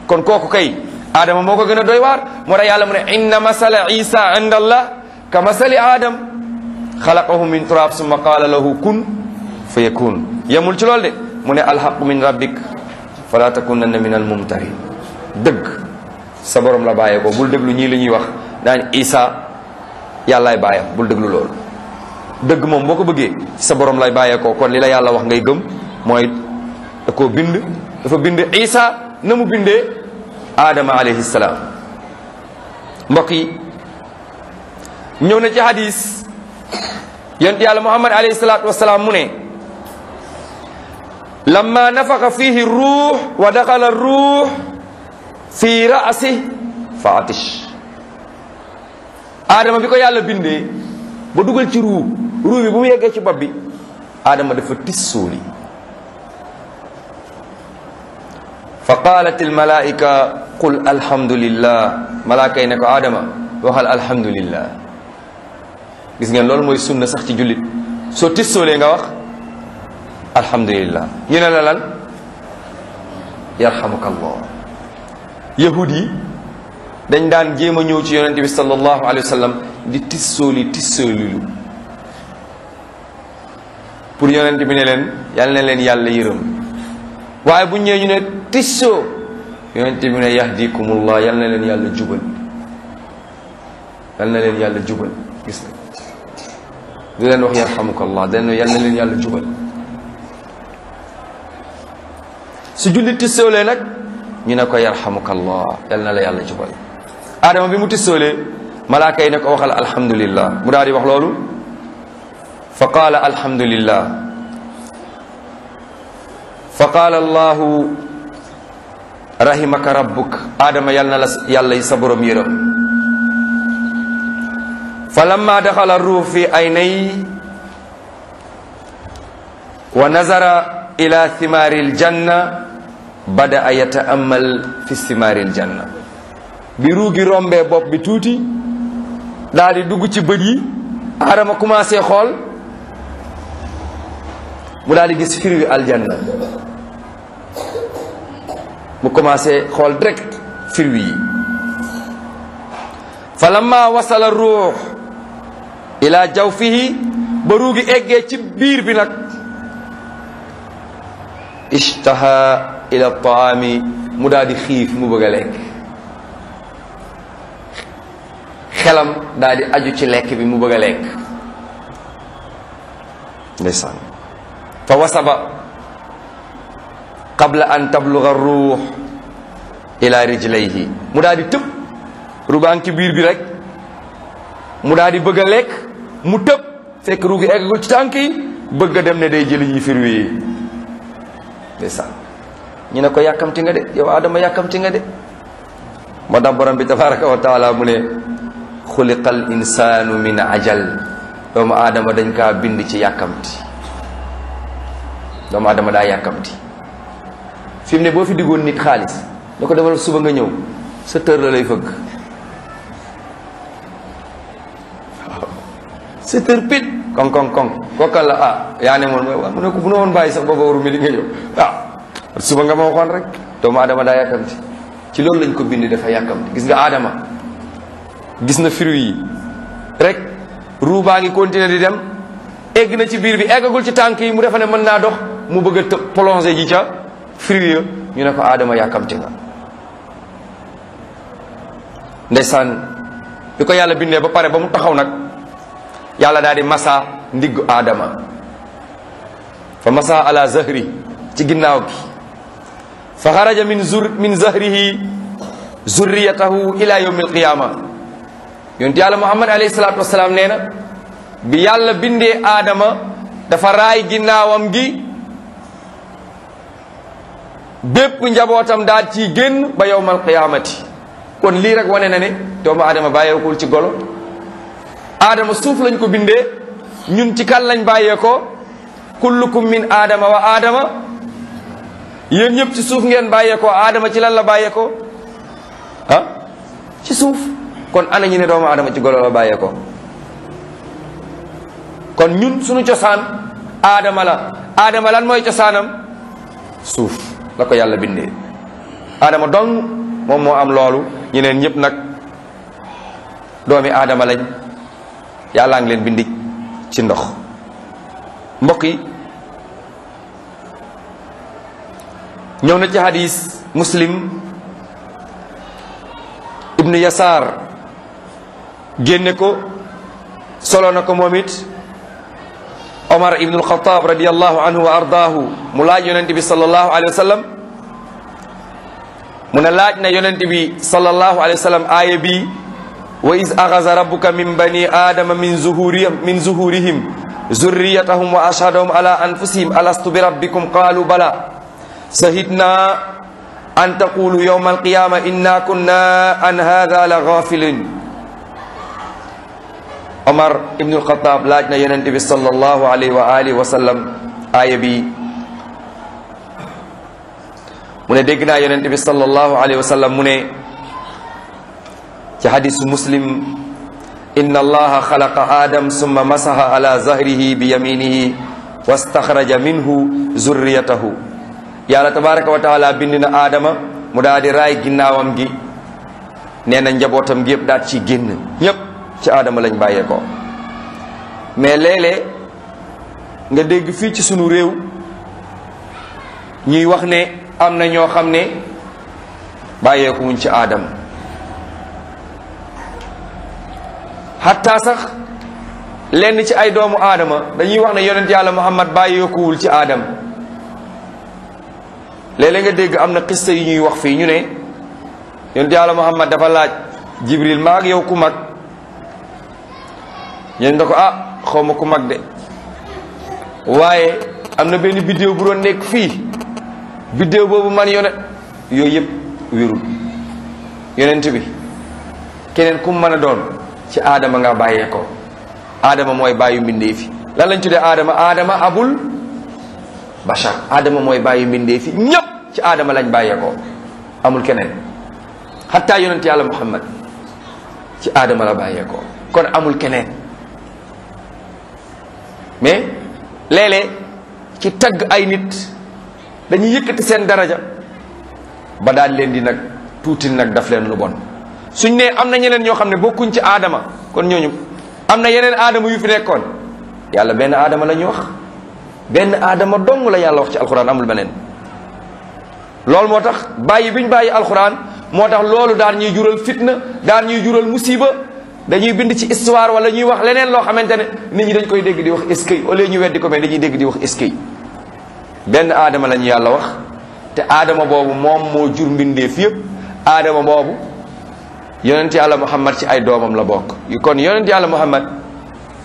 kon kooku kay aadama moo ko gën a doy waar moo tax yàlla mu ne inna masala isa inda allah ka masali aadam xalaqahu min turab summa qaala lahu kun fayakun yemul ci loolu de mu ne alxaqu min rabbik fala takunanna min al mumtarin dëgg sa boroom la bàyyeekoo ko bul déglu ñii li ñuy wax daañ isa yàllaay bàyyam bul déglu loolu dëgg moom boo ko bëggee sa borom lay bàyyeekoo kon li la yàlla wax ngay gëm mooy da koo bind dafa bind isa na mu bindee aadama alayhi salaam mbokk yi ñëw na ci hadis yonent yàlla muhammad alayhi salaatu mu ne lamma nafaxa fihi ruux wa daxala ruux fi raasi fa atish aadama bi ko yàlla bindee ba dugal ci ruu ruu bi bu mu yeggee ci bopp bi aadama dafa tis suuli fa qaalat almalaika qul alhamdulillah malaaka yi ne ko aadama waxal alhamdulillah gis ngeen loolu mooy sunna sax ci jullit soo tis soolee nga wax alhamdulillah ñu ne la lan yarhamukallah yahud yi dañ daan jéem a ñëw ci yonent bi sallallahu alayhi wa sallam di tissooli tissoolilu pour yonent bi ne leen yal na leen yàlla yërëm waaye bu ñëwee ñu ne tissoo yonent bi ne yahdikumullah yal na leen yàlla jubal yal na leen yàlla jubal gis du leen wax yarhamukallah dañ ne yal na leen yàlla jubal su julli tissoolee nag ñu ne ko yarhamukallah yal na la yàlla jubal aadama bi mu tissoolee malaaka yi ne ko waxal alhamdulillah mu daal di wax loolu fa qaala alhamdulillah fa qaala allahu rahimaka rabbuk aadama yal na la yàlla yi sa borom yërëm fa lamma daxala ruux fi aynay wa nazara ila thimaari aljanna bada yata'ammal fi simaaril janna bi ruugi rombee bopp bi tuuti daal di dugg ci bët yi aadama commencé xool mu daal gis firi wi aljanna mu commencé xool direct fir wi yi fa lamma ruux ila jawfihi ba ruugi ci biir bi nag ishtaha ila taami mu daal di xiif mu bëgg a lekk xelam aju ci lekk bi mu bëgg a lekk ndeysaan fa wasaba qabla an tabluga ruux ila rijlayhi mu daal di tëb ruubaan ci biir bi rek mu daal di bëgg a lekk mu tëb fekk ruugi eggagul ci tànk yi bëgg dem ne day jëli yi fir wi ñu ne ko yàkkamti nga de yow Adama yàkkamti nga de ma tax bi tabaraka wa taala mu ne xuliqal insaanu min ajal doomu Adama dañ ka bind ci yàkkamti doomu Adama daa yàkkamti fi ne boo fi diggoon nit xaalis ne ko demal suba nga ñëw sa tër la lay fëgg waaw sa tër pit koŋ koŋ koŋ ah yaa ne mu ne ko bu ne woon bàyyi sax booba waru mi li nga ñëw suba nga ma waxoon rek doomu aadama daa yàkkamti ci loolu lañ ko bind dafa yàkkamti gis nga aadama gis na fruit yi rek ruu baa ngi continuer di dem egg na ci biir bi eggagul ci tànk yi mu defe mën naa dox mu bëgg a të plongé ji ca fruit ya ñu ne ko aadama yàkkamti nga ndeysaan bi ko yàlla bindee ba pare ba mu taxaw nag yàlla daal di massa ndiggu aadama fa massa ala zahri ci ginnaaw gi fa xaraja min zur min zahrihi zurriyatahu ila yawmi alqiyama yonent yàlla muhammad alayhi salaatu wasalaam na bi yàlla bindee aadama dafa raay ginnaawam gi bépp njabootam daal ciy génn ba yowmal qiyaamati kon lii rek wane na ne doomu aadama bàyyeekul ci golo aadama suuf lañ ko bindee ñun ci kan lañ bàyyeekoo kullukum min aadama wa aadama yéen ñëpp ci suuf ngeen bàyyeekoo aadama ci lan la bàyyeekoo ah ci suuf kon ana ñu ne doomu aadama ci golo la bàyyeekoo kon ñun suñu cosaan aadama la aadama lan mooy cosaanam suuf la ko yàlla bindee aadama dong moom moo am loolu ñeneen ñëpp nag doomi adama lañ yàllaa ngi leen bindi ci ndox mbokk ñëw na ci hadis muslim ibnu yasaar génne ko solo na ko moom it omar ibnu alxataab radiallahu anhu mu laaj yonente bi salallahu alayhi wa na yonente bi salallahu alayhi wa sallam aaya bi wa is axasa rabbuka min bani aadama min zuhurihim min wa ashhadahum ala anfusihim alastu bi rabbikum qaalu bala شهدنا أن تقولوا يوم القيامة إنا كنا عن هذا لغافلين Omar ibn al-Khattab laaj na Yonent bi sallallahu alayhi wa alihi wa sallam aaya bi mu ne dégg naa Yonent bi sallallahu alayhi wa sallam mu ne ci hadisu Muslim inna allaha xalaqa adam summa masaha ala zahrihi bi yaminihi wastaxraja minhu zurriyatahu yàlla tabaraka wa taala bind na aadama mu daal di raay ginnaawam gi nee na njabootam gi yëpp daal ci génn ñëpp ci aadama lañ bàyyeekoo mais léeg-léeg nga dégg fii ci sunu réew ñuy wax ne am na ñoo xam ne bàyyeeku wuñ ci aadama xatta sax lenn ci ay doomu aadama dañuy wax ne yonent yàlla muhammad bàyyeekuwul ci aadama léeg nga dégg am na xista yu ñuy wax fii ñu ne yonent yàlla Muhammad dafa laaj Jibril maa ak yow ku mag ñeen da ko ah xaw ma ku mag de waaye am na benn biddéew bu doon nekk fii biddéew boobu man yone yooyu yëpp wérul yonent bi keneen ku mën a doon ci adama nga bàyyee ko aadama mooy bàyyu mbindee fi lan lañ tuddee aadama aadama abul bachar aadama mooy bàyyi mbindee fi ñépp ci aadama lañ bàyyeekoo amul keneen xataa yonent yàlla muhammad ci aadama la bàyyeekoo kon amul keneen mais léeg ci tagg ay nit dañuy yëkkati seen daraja ba daal leen di nag tuuti nag daf leen lu bon suñ ne am na ñeneen ñoo xam ne bokkuñ ci aadama kon ñooñu am na yeneen aadama yu fi nekkoon yàlla benn aadama la ñu wax benn aadama dong la yàlla wax ci alxuraan amul beneen loolu moo tax bàyyi bi ñu bàyyi alxuraan moo tax loolu daan ñuy jural fitna daan ñuy jural musiba dañuy bind ci histoire wala ñuy wax leneen loo xamante ne nit ñi dañ koy dégg di wax eskay au lieu ñu weddi ko mais dañuy dégg di wax eskay benn aadama lañu yàlla wax te aadama boobu moom moo jur mbindeef yépp aadama boobu yonent yàlla muhammad ci ay doomam la bokk kon yonent yàlla muhammad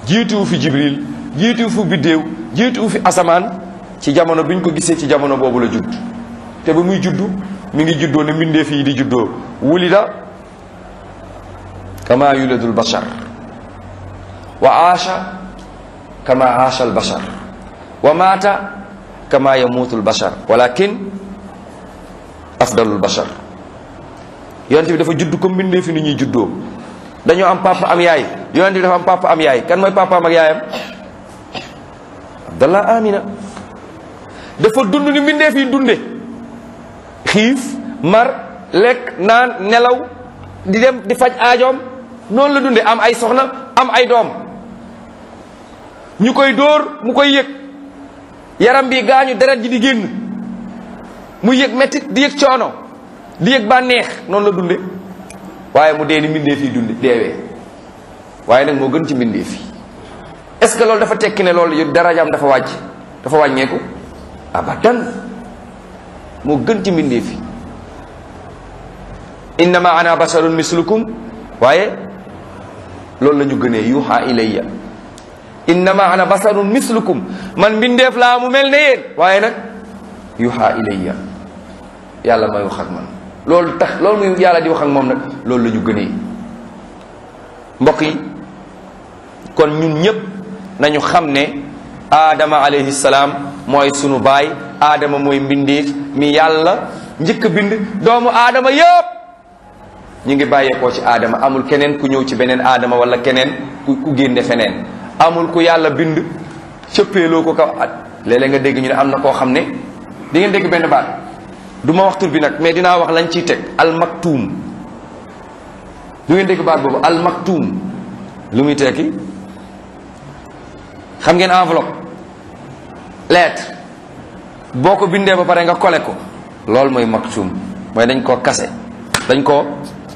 jiituwu fi jibril jiituwu fi biddéew jiituwu fi asamaan ci jamono bi ko gisee ci jamono boobu la judd te ba muy juddu mi ngi juddoo ne mbindeef yi di juddoo wulida kama yuladul bashar wa aasha kama aasha al bashar wa maata kama yamuutul bashar walakin afdalul bashar yonent bi dafa judd comme mbindeef ñuy juddoo dañoo am papa am yaay yonent bi dafa am papa am yaay kan mooy papaam ak yaayam abdallah amina dafa dund ni mbindeef yi dunde xiif mar lekk naan nelaw di dem di faj aajoom noonu la dunde am ay soxna am ay doom ñu koy dóor mu koy yëg yaram bi gaañu deret ji di génn muy yëg mettit di yëg coono di yëg bànneex noonu la dunde waaye mu dee ni mbindeef yi dunde deewee waaye nag moo gën ci mbindeef yi est-ce que loolu dafa tekki ne loolu darajaam dafa wàcc dafa wàññeeku abadan moo gën ci mbindeef yi innama ana basarun mislukum waaye loolu lañu gën gënee yuuxa ilayya innama ana basarun mislukum man mbindeef laa mu mel ne yéen waaye nag yuuxa ilayya yàlla may wax man loolu tax loolu muy yàlla di wax ak moom nag loolu la ñu gënee mbokk yi kon ñun ñépp nañu xam ne aadama alayhi mooy sunu baay aadama mooy mbindeef mi yàlla njëkk bind doomu aadama yëpp ñu ngi bàyyeekoo ci aadama amul keneen ku ñëw ci beneen aadama wala keneen ku ku génne feneen amul ku yàlla bind cëppeeloo ko kaw at léeg nga dégg ñu ne am na koo xam ne di ngeen dégg benn baat duma ma waxtur bi nag mais dinaa wax lañ ciy teg almaktuum du ngeen dégg baat boobu almaktuum lu muy tekki xam ngeen enveloppe lettre boo ko bindee ba pare nga kole ko loolu mooy mag maktuum mooy dañ koo kase dañ koo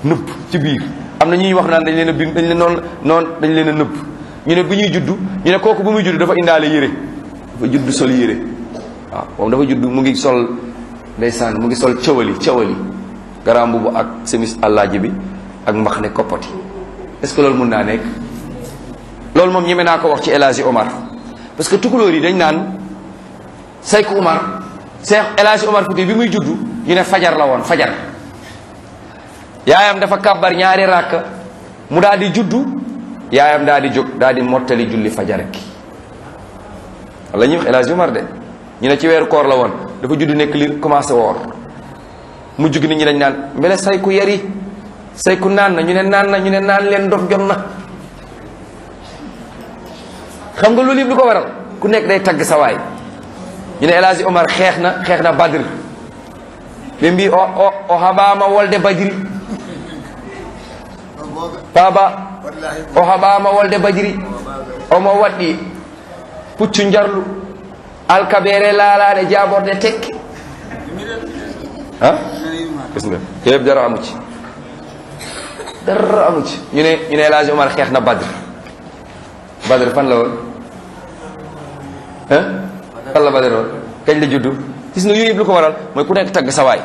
nëbb ci biir am na ñuy wax naan dañ leen a bind dañ leen noon noon dañ leen a nëbb ñu ne bi ñuy juddu ñu ne kooku bu muy juddu dafa indaale yére dafa judd sol yére waaw moom dafa juddu mu ngi sol ndeysaan mu ngi sol cawali cawali garaam bu ak semis àllaaji bi ak mbax ne koppati est-ce que loolu mun naa nekk loolu moom ñeme naa ko wax ci El Hadji parce que tukulóor yi dañ naan Seydou Umar Cheikh El Hadj Umar Fouti bi muy juddu ñu ne fajar la woon fajar yaayam dafa kàbbar ñaari ràkk mu daal di juddu yaayam daal di jóg daal di mottali julli fajar ki walla ñuy wax El Umar de ñu ne ci weeru koor la woon dafa juddu nekk li commencé woor mu jug nit ñi dañ naan mbele sayku yari sayku naan na ñu ne naan na ñu ne naan leen ndox jot na xam nga loolu yëpp lu ko waral ku nekk day tagg sa ñu ne El Hadji Omar xeex na xeex na Badr ɓe mbi o haɓama wolde badiri baba o haɓama wolde badiri omo waɗɗi puccu jarlu alkabere laalaɗe jaborde tekke a bismil yeeb dara amuci dara amuci ñune ñune elage omar xeex na badre badre fan la woon hein kan la baleroon kañ la juddu gis nga yooyu yëpp ko waral mooy ku nekk tagg sa waay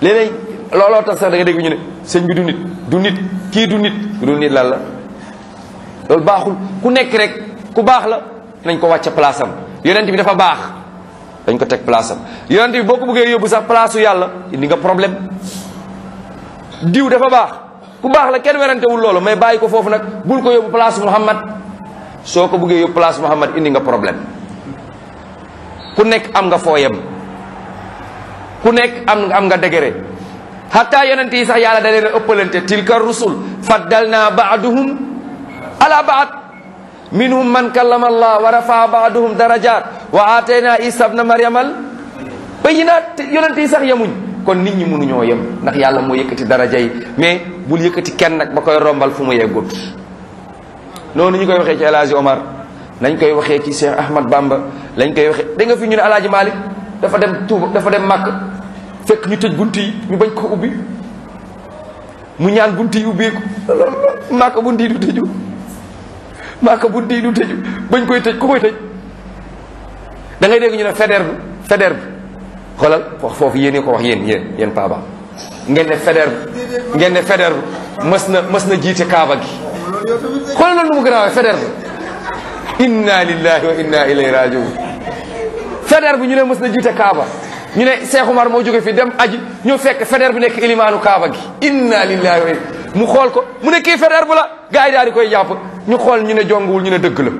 looloo tax sax da ñu ne sëñ bi du du nit kii du nit la loolu baaxul ku nekk rek ku baax la nañ ko wàcc place am yonent bi dafa baax dañ ko teg place am yonent bi boo ko bëggee yóbbu sax place yàlla indi nga problème diw dafa baax ku baax la kenn werantewul loolu mais bàyyi ko foofu nag bul ko yóbbu place Muhammad soo ko bëggee yóbbu place Muhammad indi nga problème ku nekk am nga fooyam ku nekk am nga degere xataa yonent yi sax yàlla da leen ëppalante tilka rusul faddalna baaduhum ala baad minhum man kallama allah wa rafaa baaduhum darajat wa atayna isa bna maryamal bayinaat yonent yi sax yemuñ kon nit ñi mënuñoo yem ndax yàlla moo yëkkati daraja yi mais bul yëkkati kenn nag ba koy rombal fu mu yeggut noonu ñu koy waxee ci El nañ koy waxee ci Cheikh Ahmad Bamba lañ koy waxee da nga fi ñu ne alaaji Malick dafa dem Touba dafa dem Màkk fekk ñu tëj bunt yi ñu bañ koo ubbi mu ñaan bunt yi ubbeeku Màkk bunt bunt yi du tëju bañ koy tëj ku koy tëj dangay ngay dégg ñu ne feder bi feder bi xoolal wax foofu yéen ko wax yéen yéen yéen Paba ngeen ne feder bi ngeen ne feder bi mës na mës na jiite Kaaba gi xoolal loolu mu gën a bi inna lillahi wa inna ilayhi rajiun feder bi ñu ne mës na jiite Kaaba ñu ne Cheikh Omar moo jóge fi dem aji ñëw fekk feder bi nekk ilimaanu Kaaba gi inna lillahi wa mu xool ko mu ne kii feder bu la gars yi daal di koy jàpp ñu xool ñu ne jonguwul ñu ne dëgg la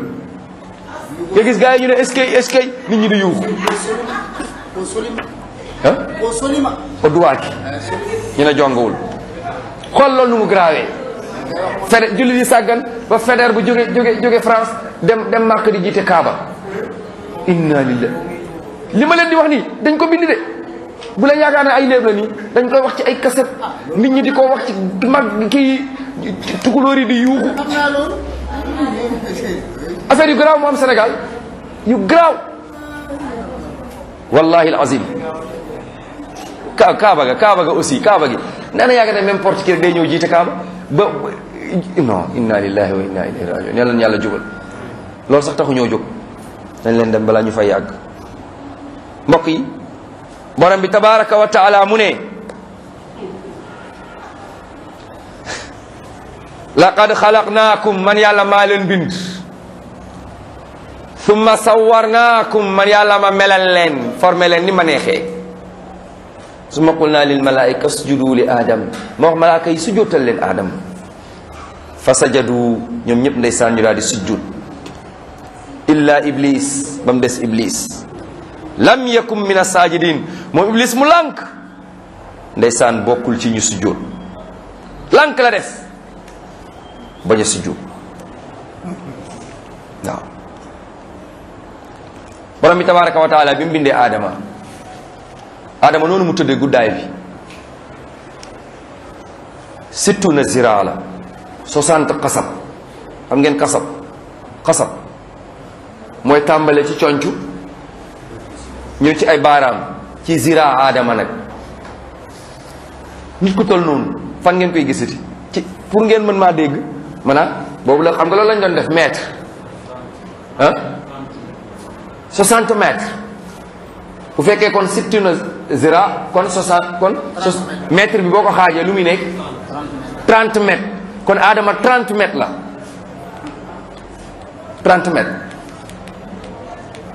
nga gis gars yi ñu ne est-ce que est-ce que nit ñi di yuuxu ah au duwaat euh, ñu ne jonguwul xool loolu nu mu graawee fede jullit yi sàggan ba Faidherbe bu jóge jóge jóge France dem dem Màkka di jiite Kaaba inna lillahi li ma leen di wax nii dañ ko bind de bu la yaakaar ne ay léeb la nii dañ koy wax ci ay kaset nit ñi di ko wax ci mag kii tukulóor yi di yuuxu affaire yu garaaw moo am Sénégal yu garaaw wallahi alazim Kaaba ga Kaaba ga aussi Kaaba gi nee na yaakaar ne même porte kii day ñëw jiite Kaaba ba non inna lillahi wa inna ilayhi rajiun yal na yàlla jubal loolu sax taxu ñoo jóg dañ leen dem balaa ñu fay yàgg mbokk yi borom bi tabaraka wa taala mu ne laqad xalaqnaakum man yàlla maa leen bind summa sawarnaakum man yàlla ma melal leen formé leen ni ma neexee su ma qul naa lil malaayika sujudu li aadam ma wax malaaka yi sujjóotal leen aadama fa sajadu ñoom ñëpp ndeysaan ñu daal di sujjud illa iblis ba des iblis lam yakum min asaajidin moom iblis mu lànk ndeysaan bokkul ci ñu sujjóot lànk la des bañ a sujjóot waaw borom bi tabaraka wa taala bi bindee aadama adama noonu mu tëddee guddaay bi surtout na ziraa la soixante xasab xam ngeen xasab xasab mooy tàmbale ci conc ñëw ci ay baaraam ci ziraa aadama nag nit ku tol noonu fan ngeen koy gisati ci pour ngeen mën maa dégg maanaam boobu la xam nga loolu lañ doon def mètre ah soixante mètres bu fekkee kon sittu na zira kon soixante kon mètre bi boo ko xaajee lu muy nekk 30 mètres kon aadama 30 mètres la 30 mètres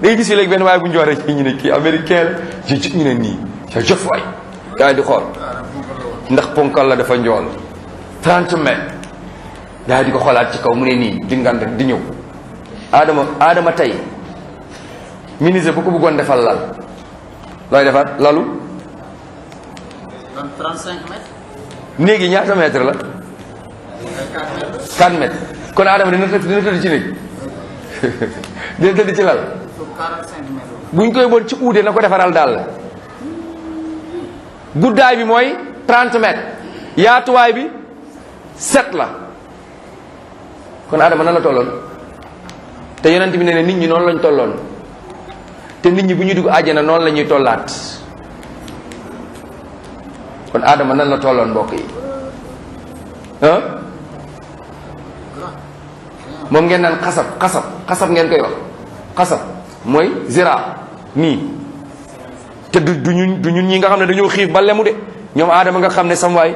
day gis yi léegi benn waaye bu njooree ci ñu ne kii américain la ji ñu ne nii sa jof waay yaa di xool ndax ponkal la dafa njool 30 mètres yaa di ko xolaat ci kaw mu ne nii di ngand di ñëw aadama aadama tey miniser boo ko bëggoon defal lal looy defaat lalu. donc 35 mètres. néeg yi ñaata mètre la. 4 mètres. kon Adama dina tëdd dina tëdd ci néeg dina tëdd ci lal. bu ñu koy bon ci uude na ko defaral daal guddaay bi mooy 30 mètres yaatuwaay bi 7 la kon Adama na la tolloon te yonent bi ne ne nit ñi noonu lañ tolloon. te nit ñi bu ñuy dugg àjjana noonu la ñuy tollaat kon aadama nan la tolloon mbokk yi moom ngeen naan xasab xasab ngeen koy wax xasab mooy zira nii te du du ñun du ñi nga xam ne dañoo xiif ba lemu de ñoom aadama nga xam ne sam waay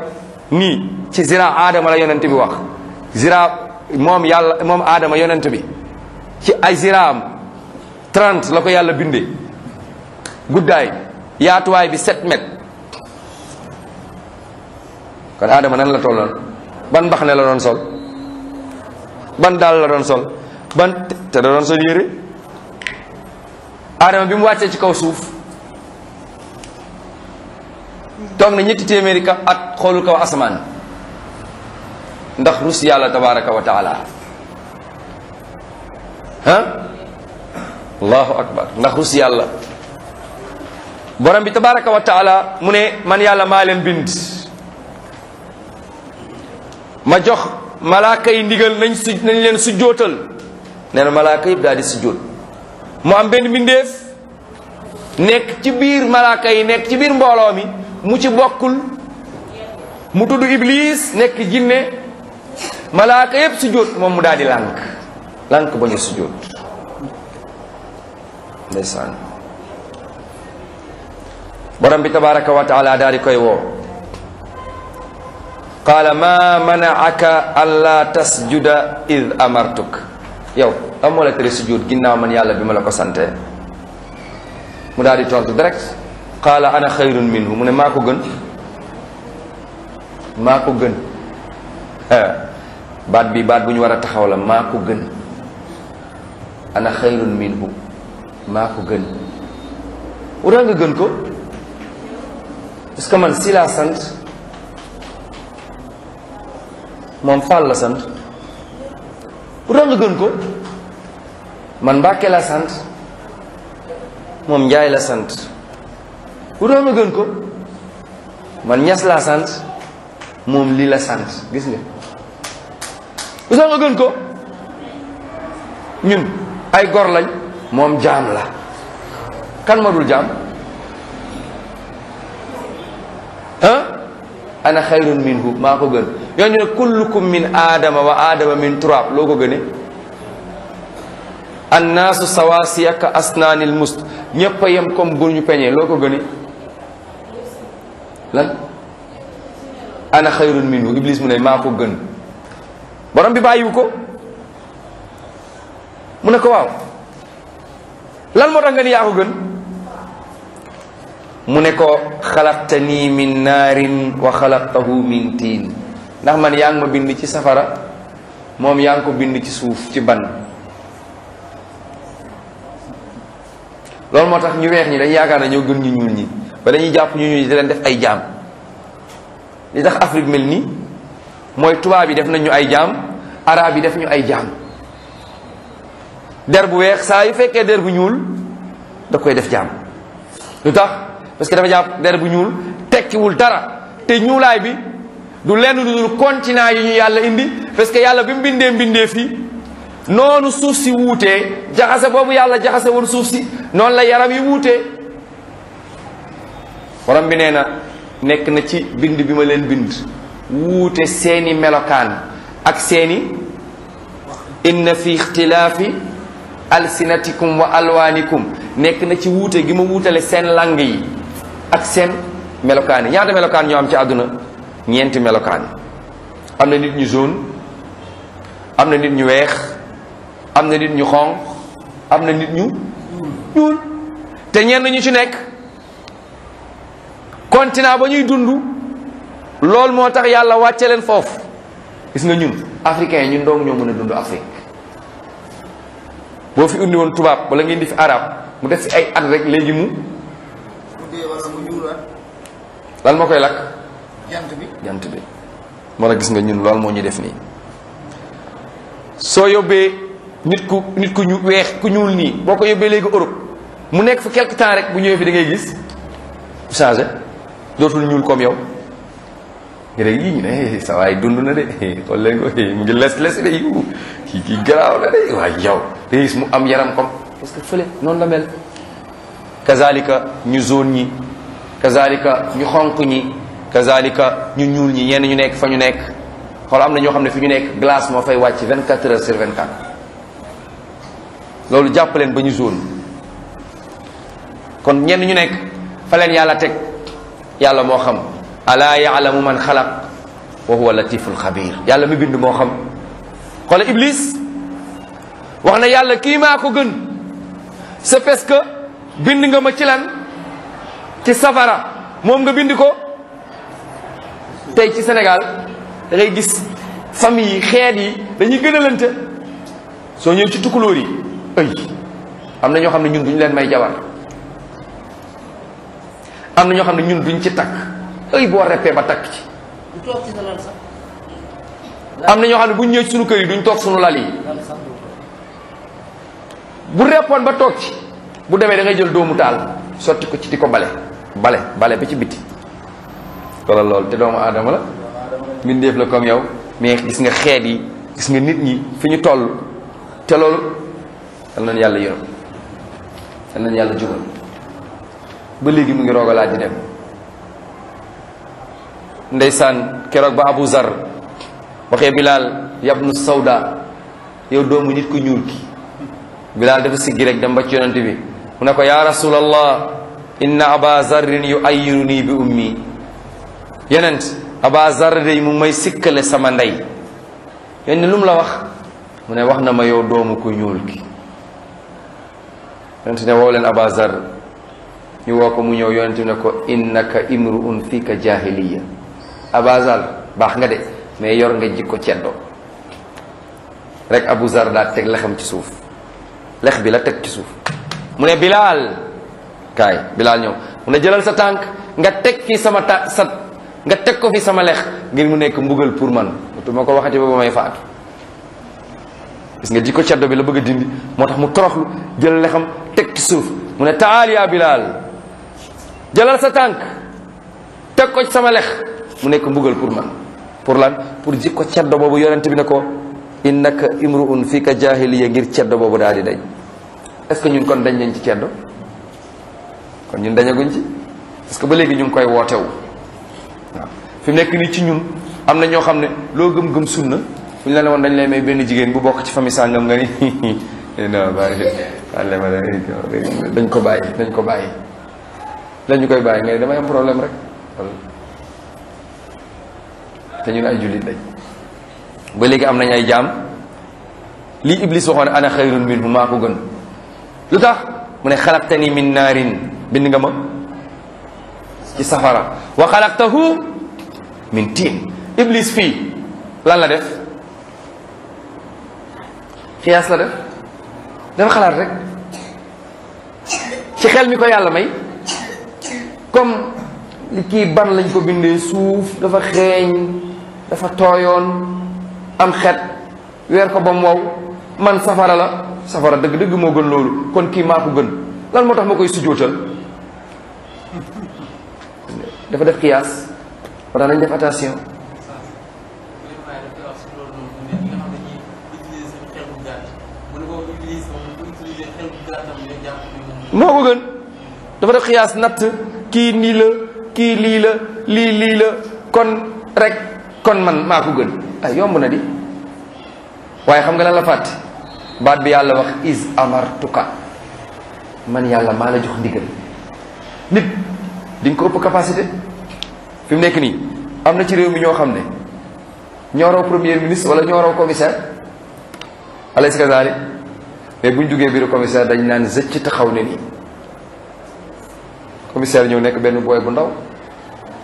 nii ci zira aadama la yonent bi wax zira moom yàlla moom aadama yonent bi ci ay ziraam 30 la ko yàlla bindee guddaay yaatuwaay bi 7 mètres kon aadama nan la tolloon ban mbax ne la doon sol ban daal la doon sol ban te da doon sol yére aadama bi mu wàccee ci kaw suuf toog na ñetti téeméeri ka at xoolul kaw asamaan ndax rus yàlla tabaraka wa taala ah allahu akbar ndax rus yàlla borom bi tabaraka wa taala mu ne man yàlla maa bind ma jox malaaka yi ndigal nañ su nañ leen sujjootal nee na malaaka yëpp daal di mu am benn mbindeef nekk ci biir malaaka yi nekk ci biir mbooloo mi mu ci bokkul mu tudd iblis nekk jinne malaaka yëpp sujjoot moom mu daal di lànk lànk ba ñu sujjoot ndeysaan borom bi tabaraka daal di koy woo qaala ma manaaka alla tasjuda id amartuk yow am la tere sujud ginnaaw man yàlla bi ma la ko sante mu daal di tontu direct qaala ana xayrun minhu mu ne maa ko gën maa ko gën baat bi baat bu ñu war a taxaw la maa ko gën ana xayrun minhu maa ko gën wala nga gën ko parce que man si laa sant moom Fall la sant wala nga gën ko man Mbàkke la sant moom Njaay la sant wala nga gën ko man Ñas laa sant moom lii la sant gis nga wala nga gën ko ñun ay gor lañ moom jaam la kan ma dul jaam ah ana xayrun minhu maa ko gën yoon ñu ne kullukum min aadama wa aadama min turaab loo ko gëne annaasu sawaasiya ka asnaanil must ñëpp a yem comme gur ñu peñee loo ko gëne la ana xayrun minhu iblis mu ne maa ko gën borom bi bàyyiwu ko mu ne ko waaw lan moo tax nga ni yaa ko gën mu ne ko xalaqtanii min naarin wa xalaqtahu min tiin ndax man yaa ngi ma bind ci safara moom yaa ngi ko bind ci suuf ci ban loolu moo tax ñu weex ñi dañ yaakaar ne ñoo gën ñu ñuul ñi ba dañuy jàpp ñu ñuul ñi di leen def ay jaam li tax Afrique mel ni mooy tubaab yi def nañ ñu ay jaam araab yi def ñu ay jaam der bu weex saa yu fekkee der bu ñuul da koy def jaam lu tax parce que dafa jàpp der bu ñuul tekkiwul dara te ñuulaay bi du lenn lu dul continent yu ñu yàlla indi parce que yàlla bi mu bindee mbindee fii noonu suuf si wuutee jaxase boobu yàlla jaxase woon suuf si noonu la yaram yu wuutee borom bi nee na nekk na ci bind bi ma leen bind wuute seeni melokaan ak seeni inna fi ixtilaafi alsinatikum wa alwaanikum nekk na ci wuute gi ma wuutale seen langue yi ak seen melokaan yi ñaata melokaan ñoo am ci àdduna ñeenti melokaan am na nit ñu jaune am na nit ñu weex am na nit ñu xonq am na nit ñu ñuul te ñenn ñu ci nekk continent ba ñuy dund loolu moo tax yàlla wàcce leen foofu gis nga ñun africain ñun doong ñoo mën a dund Afrique boo fi indi woon tubaab wala nga indi fi arab mu def si ay at rek léegi mu. lan moo koy lakk. jant bi jant bi. moo a gis nga ñun loolu moo ñu def nii soo yóbbee nit ku nit ku ñu weex ku ñuul nii boo ko yóbbee léegi Europe mu nekk fu quelque temps rek bu ñëwee fi da ngay gis changé dootul ñuul comme yow. rek yi ñu dund na de xool leen ko mu ngi les les de yu kii kii garaaw na de waaye yow day mu am yaram comme parce que fële noonu la mel kazalika ñu zone ñi kazalika ñu xonq ñi kazalika ñu ñuul ñi ñenn ñu nekk fa ñu nekk xool am na ñoo xam ne fi ñu nekk glace moo fay wàcc 24 heures sur 24 loolu jàpp leen ba ñu zone kon ñenn ñu nekk fa leen yàlla teg yàlla moo xam alaa yaalamu man xalaq wa huwa latiful xabir yàlla mi bind moo xam xoola iblis wax na yàlla kii maa ko gën c'est parce que bind nga ma ci lan ci safara moom nga bind ko tey ci Sénégal da gis fami yi xeer yi dañuy gën a lante soo ñëw ci tukkulóor yi ay am na ñoo xam ne ñun duñ leen may jabar am na ñoo xam ne ñun duñ ci takk ëy boo reppee ba takk ci. am na ñoo xam ne bu ñu ñëwee ci kër yi duñ toog suñu lal yi. bu reppoon ba toog ci bu demee da jël doomu taal sotti ko ci di ko bale bale bale ba ci bitti wala loolu te doomu aadama la mbindeef la comme yow mais gis nga xeet yi gis nga nit ñi fi ñu toll te loolu dal nañu yàlla yërëm dal nañu yàlla jubal ba léegi mu ngi roog a laaj di dem ndeysaan keroog ba Abu Zar waxee Bilal yabnu Sawda yow doomu nit ku ñuul ki Bilal dafa siggi rek dem ba ci yonent bi mu ne ko yaa rasulallah inna aba zarrin yu ayiru nii bi ummi yenent aba zarr day mu may sikkale sama ndey yéen lu la wax mu ne wax na ma yow doomu ku ñuul ki yonent ne woo leen aba zarr ñu woo ko mu ñëw yonent ne ko innaka imruun fika jahiliya abazal baax nga de mais yor nga jikko ceddoo rek abu zar daa teg lexam ci suuf lex bi la teg ci suuf mu ne bilaal kaay bilaal ñëw mu ne jëlal sa tànk nga teg fii sama ta sa nga teg ko fi sama lex ngir mu nekk mbugal pour man tu ma ko waxati ba may faatu gis nga jikko ceddo bi la bëgg a dindi moo tax mu toroxlu jël lexam teg ci suuf mu ne taal yaa bilaal jëlal sa tànk teg ko ci sama lex mu nekk mbugal pour man pour lan pour jikko ceddo boobu yonent bi ne ko innaka imruun fii ko ka jaahiliya ngir ceddo boobu daal di dañ est-ce que ñun kon dañ nañ ci ceddo ñun dañaguñ parce que ba léegi ñu ngi koy wootewu waaw nekk nii ci ñun am na ñoo xam ne loo gëm-gëm sunna bu ñu la ne woon dañ lay may benn jigéen bu bokk ci famille sàngam nga ni bàyyi dañ ko bàyyi dañ ko bàyyi dañu koy bàyyi nga ne damay am problème rek te ñun ay jullit lañ ba léegi am nañ ay jaam li iblis waxoon ana xayrun minhu maa ko gën lu tax mu ne xalaqtani min naarin bind nga ma ci safara wa xalaqtahu min tiin iblis fii lan la def xiyaas la def dafa xalaat rek ci xel mi ko yàlla may comme kii ban lañ ko bindee suuf dafa xeeñ dafa tooyoon am xet weer ko ba mu wow man safara la safara dëgg-dëgg moo gën loolu kon kii maa ko gën lan moo tax ma koy sujootal def qiyaas wala nañ def ko gën dafa def xiyaas natt kii nii la kii lii la lii lii la kon rek kon man maa ko gën ay yomb na di waaye xam nga lan la fàtte baat bi yàlla wax is amartuka man yàlla maa la jox ndigal nit di ko ëpp capacité fi mu nekk nii am na ci réew mi ñoo xam ne ñoo raw premier ministre wala ñoo raw commissaire alay si kazaali mais bu ñu duggee biiru commissaire dañ naan zëcc taxaw ne nii commissaire ñëw nekk benn booy bu ndaw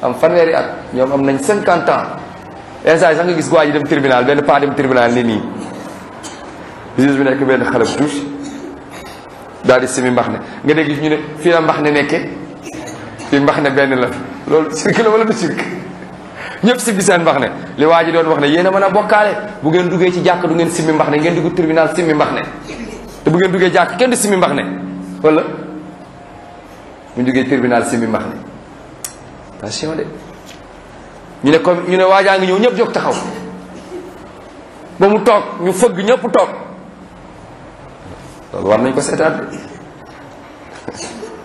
am fanweeri at ñoom am nañ cinquante ans instant yi sax nga gis waa dem tribunal benn pas dem tribunal ni nii juge bi nekk benn xale bu tuuti di simi mbax ne nga dégg ñu ne fii la mbax ne nekke fii mbax ne benn la loolu cirque la wala du cirque ñëpp simbi seen mbax ne li waa ji doon wax ne yéen a mën a bokkaale bu ngeen duggee ci jàkk du ngeen simmi mbax ne ngeen dugg tribunal simmi mbax ne te bu ngeen duggee jàkk kenn du simmi mbax ne wala mu jógee tribunal simmi mbax ne ñu ne comme ñu ne waajaa ngi ñëw ñëpp jóg taxaw ba mu toog ñu fëgg ñëpp toog loolu war nañ ko seetaat de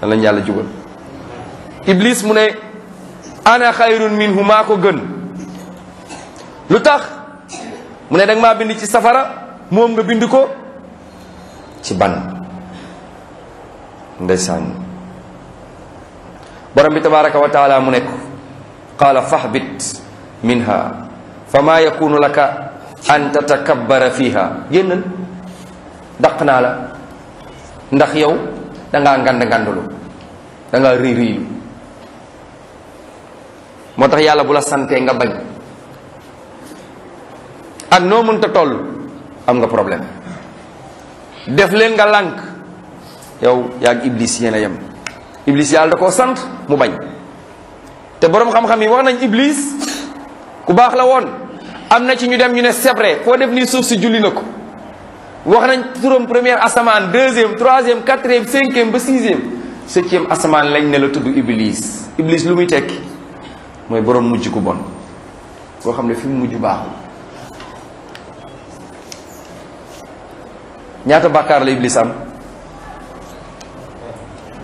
lan lañ yàlla jubal iblis mu ne ana xayrun minhu maa ko gën lu tax mu ne danga maa bind ci safara moom nga bind ko ci ban ndeysaan borom bi tabaraka wa mu nekk qaala fahbit minha fa maa yakunu laka an tatakabbara fiha génnal daq naa la ndax yow danga ngand ngandulu dangaa rii moo tax yàlla bu la santee nga bañ ak noo mënta toll am nga problème def leen nga lànk yow yaag iblis yéen a yem iblis yàlla da koo sant mu bañ te borom xam-xam yi wax nañ iblis ku baax la woon am na ci ñu dem ñu ne sebre vrai koo def nii suuf si julli na ko wax nañ turam première asamaan deuxième troisième quatrième cinquième ba sixième septième asamaan lañ ne la tudd iblis iblis lu muy tekki mooy borom mujj ku bon koo xam ne fi mu mujj baaxul ñaata bàkkaar la iblis am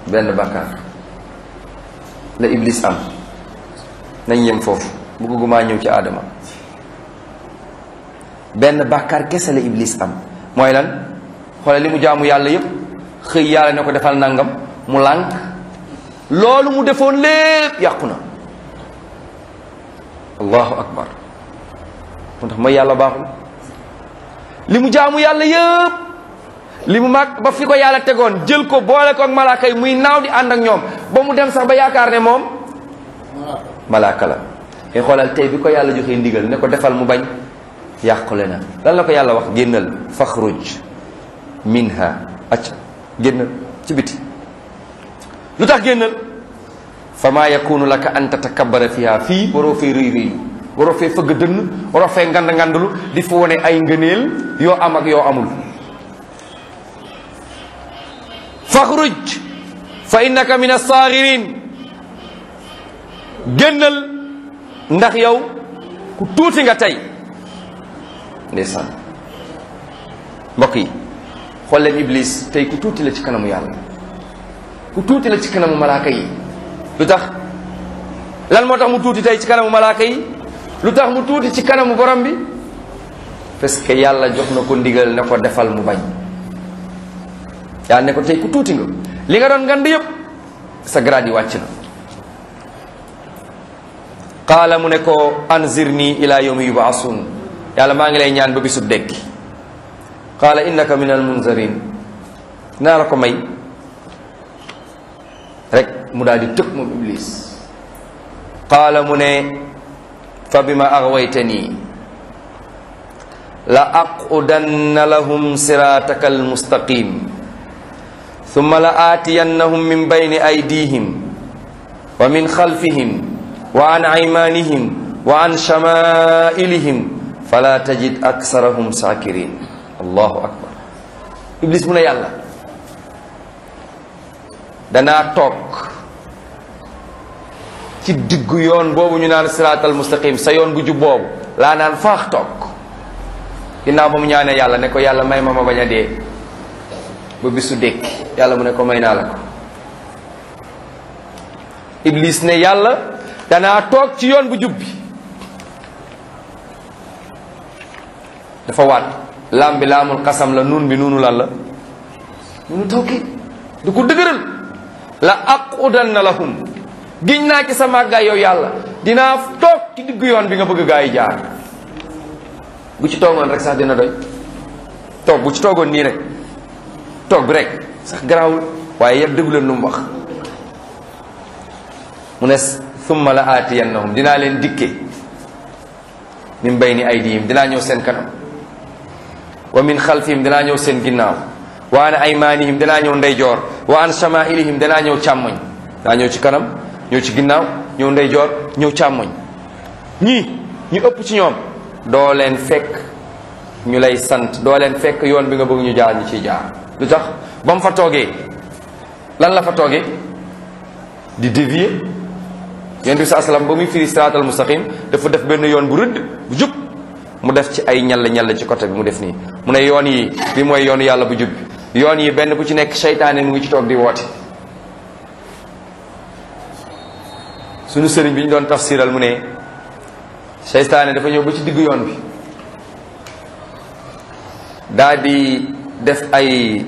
benn bàkkaar la iblis am nañ yem foofu maa ñëw ci aadama benn bàkkaar kese la iblis am mooy lan xoolal li mu jaamu yàlla yépp xëy yàlla ne ko defal nangam mu lànk loolu mu defoon lépp yàqu na allahu akbar mu tax mooy li mu jaamu yàlla yépp mu mag ba fi ko yàlla tegoon jël ko boole ko ak malaaka muy naaw di ànd ak ñoom ba mu dem sax ba yaakaar ne moom malaaka la ngay xoolal tey bi ko yàlla joxe ndigal ne ko defal mu bañ yàqule na lan la ko yàlla wax génnal faxruj minha acca génnal ci biti lu tax génnal fa maa yakunu laka an tatakabbara fiha fii waroo fee rëy rëyu waroo fee fëgg dënn waroo fee ngand ngandlu di fa wone ay ngëneel yoo am ak yoo amul faxruj fa innaka min as génnal ndax yow ku tuuti nga tey ndeysaan mbokk yi xool leen iblis tey ku tuuti la ci kanamu yàlla ku tuuti la ci kanamu malaaka yi lu tax lan moo tax mu tuuti tey ci kanamu malaaka yi lu tax mu tuuti ci kanamu borom bi parce que yàlla jox na ko ndigal ne ko defal mu bañ yàlla ne ko tey ku tuuti nga li nga doon ngand yëpp sa grade yi wàcc na qaala mu ne ko anzirni ila yawmi yubaasun yàlla maa ngi lay ñaan ba bisub dekki qaala innaka min al munzarin naa la ko may rek mu daal di tëb moom iblis qaala mu ne fa bima axwaytanii la aqudanna lahum sirataka almustaqim thumma la aatiyannahum min bayni aydihim wa min xalfihim waa an aymanihim wa an shamailihim fala tajid aksarahum sakirin allahu akbar iblis mu ne yàlla danaa toog ci diggu yoon boobu ñu naan siraatal mustaqim sa yoon bu jub boobu laa naan faax toog ginnaaw ba mu ñaanee yàlla ne ko yàlla may ma ma bañ a dee ba bisu dékki yàlla mu ne ko may naa la ko iblis ne yàlla danaa toog ci yoon bu jub bi dafa waat laam bi laamul xasam la nuun bi nuunu lan la nunu tawkiid di ko dëgëral la aqudanna lahum giñ naa ci sa màggaay yow yàlla dinaa toog ci diggu yoon bi nga bëgg gaa yi jaar bu ci toogoon rek sax dina doy toog bu ci toogoon nii rek toog bi rek sax garaawul waaye yëpp déglu leen lu mu wax mu ne summa la aatiyannahum dinaa leen dikke ni bayni aydihim dinaa ñëw seen kanam wa min xalfihim dinaa ñëw seen ginnaaw wa an aymaanihim dinaa ñëw ndeyjoor wa an shamaailihim dinaa ñëw càmmoñ dinaa ñëw ci kanam ñëw ci ginnaaw ñëw ndeyjoor ñëw càmmoñ ñii ñu ëpp ci ñoom doo leen fekk ñu lay sant doo leen fekk yoon bi nga bëgg ñu jaar ñu ciy jaar lu tax ba fa toogee lan la fa toogee di dévier yonent bi saa salaam ba muy firi siraatal mustaqim dafa def benn yoon bu rëdd bu jub mu def ci ay ñalla ñalla ci côté bi mu def nii mu ne yoon yi bi mooy yoonu yàlla bu jub bi yoon yi benn bu ci nekk seytaane mu ngi ci toog di woote suñu sëriñ bi ñu doon tafsiral mu ne seytaane dafa ñëw ba ci diggu yoon bi daa di def ay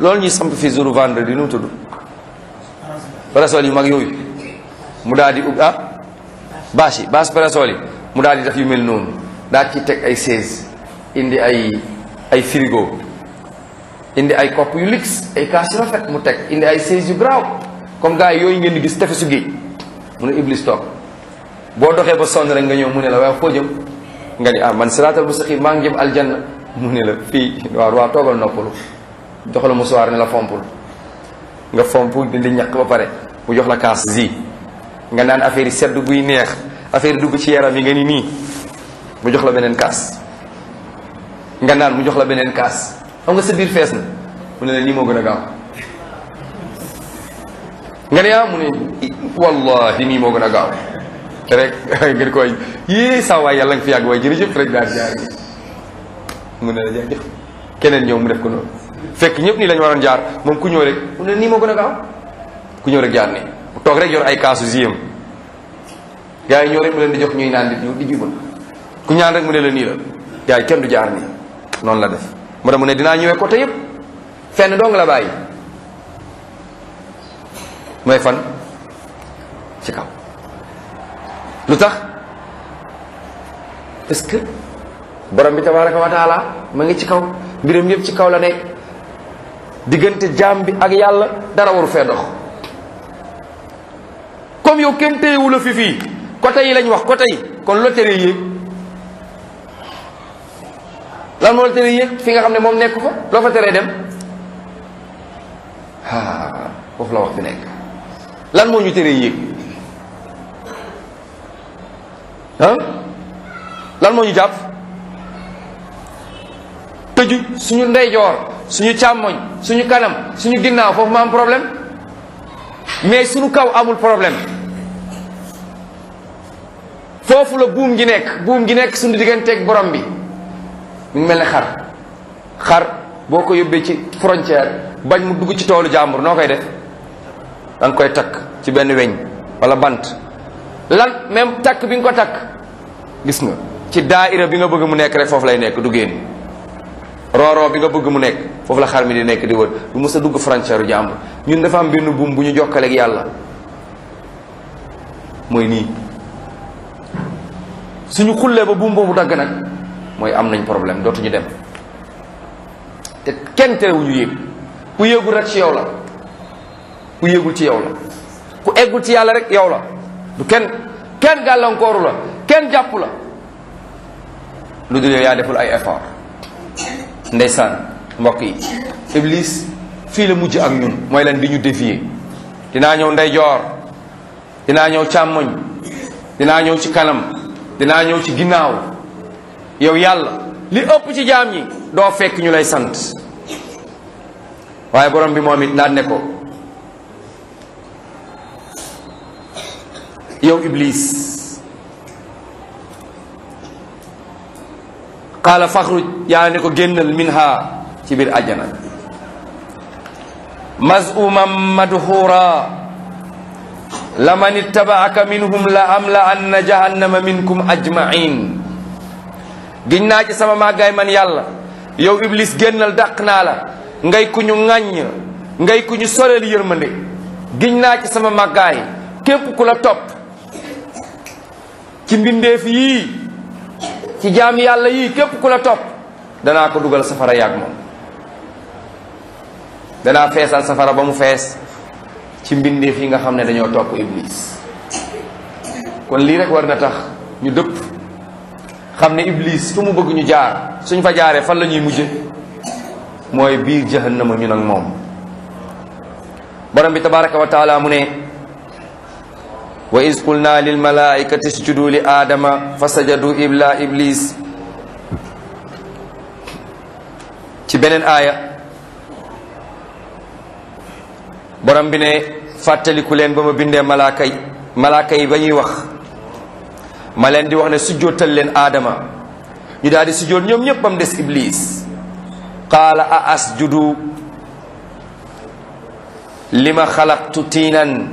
loolu ñuy samp fii jour vendredi nu mu tudd parasol yu mag yooyu mu daal di ub ah bâche yi bâche parasol yi mu daal di def yu mel noonu daal ci teg ay chaise indi ay ay frigo indi ay kopp yu luxe ay kaas yu rafet mu teg indi ay chaise yu garaaw comme gaa yi yooyu ngeen di gis tefesu géej mu ne Iblis toog boo doxee ba sonn rek nga ñëw mu ne la waaw foo jëm nga ni ah man siraatal mustaqim maa ngi jëm aljanna mu ne la fii waaw waaw toogal noppalu jox la musuwaar ne la fompul nga fomp di ñaq ba pare mu jox la kaas zi nga naan affaire yi sedd buy neex affaire dugg ci yaram yi nga nii nii mu jox la beneen kaas nga naan mu jox la beneen kaas xam nga sa biir fees na mu ne la nii moo gën a gaaw ah, mu ne wallahi nii moo a gaaw rek ngir koy yàlla nga fi yàgg waay jërëjëf rek daal jaar ne keneen ñëw mu def ko noonu fekk ñëpp nii lañu waroon jaar moom ku ñëw rek mu ne nii moo gën a gaaw ku ñëw rek jaar nii toog rek yor ay kaasu ziyam gars yi ñoo rek mu leen di jox ñuy naan di di jubal ku ñaan rek mu ne la nii la gars yi kenn du jaar nii noonu la def moo tax mu ne dinaa ñëwee côté yëpp fenn la bàyyi mooy fan ci lu tax parce que borom bi tabaraka wa taala mu ngi ci kaw mbiram yëpp ci kaw la ne diggante jaam bi ak yàlla dara waru fee dox comme yow kenn téyewu la fi fii côté yi lañ wax côté yi kon loo tere yéeg lan moo la tere fi nga xam ne moom nekk fa loo teree dem ah foofu lan moo ñu teree yéeg lan moo ñu jàpp tëju suñu ndeyjoor suñu càmmoñ suñu kanam suñu ginnaaw foofu ma am problème mais suñu kaw amul problème foofu la buum ji nekk buum gi nekk suñu digganteeg borom bi mu mel ni xar xar boo ko yóbbee ci frontière bañ mu dugg ci toolu jàmbur noo koy def da koy takk ci benn weñ wala bant lan même takk bi nga ko takk gis nga ci daaira bi nga bëgg mu nekk rek foofu lay nekk du génn rooroo bi nga bëgg mu nekk foofu la xar mi di nekk di wër du mës a dugg frontière u jàmbur ñun dafa am benn buum bu ñu jokkaleeg yàlla mooy nii suñu xullee ba buum boobu dagg nag mooy am nañ problème dootuñu dem te kenn terewuñu yéeg ku yéegul rek ci yow la ku yéegul ci yow ku eggul ci yàlla rek yow la du kenn kenn gàllankooru la kenn jàpp la lu dul yow yaa ay effort ndeysaan mbokk yi iblis fii la mujj ak ñun mooy leen di ñu dévier dinaa ñëw ndeyjoor dinaa ñëw càmmoñ dinaa ñëw ci kanam dinaa ñëw ci ginnaaw yow yàlla li ëpp ci jaam yi doo fekk ñu lay sant waaye borom bi moom it daan ne ko yow iblis qaala faxruj yaa ne ko génnal minha ci biir àjjana mazuman madhura laman ittabaaka minhum la am la anna jahannama minkum ajmain giñ naa ci sama màggaay man yàlla yow iblis génnal dàq naa la ngay ku ñu ŋàññ ngay ku ñu soreel yërmande giñ naa ci sama màggaay képp ku la topp ci mbindeef yii ci jaam yàlla yii képp ku la topp danaa ko dugal safara yàgg moom danaa feesal safara ba mu fees ci mbindeef yi nga xam ne dañoo topp iblis kon lii rek war na tax ñu dëpp xam ne iblis fu mu bëgguñu ñu jaar suñ fa jaaree fan la ñuy mujje mooy biir jahannama ñu ak moom borom bi tabaraka wa taala mu ne wa is qulna lil malaikati isjudu li aadama fa sajadu illa iblis ci beneen aaya borom bi ne fàttaliku leen ba ma bindee malaaka yi malaaka yi ba ñuy wax ma leen di wax ne sujjootal leen aadama ñu daal di sujjoot ñoom ñëpp bam des iblis kaala a asjudu li ma xalaqtu tiinan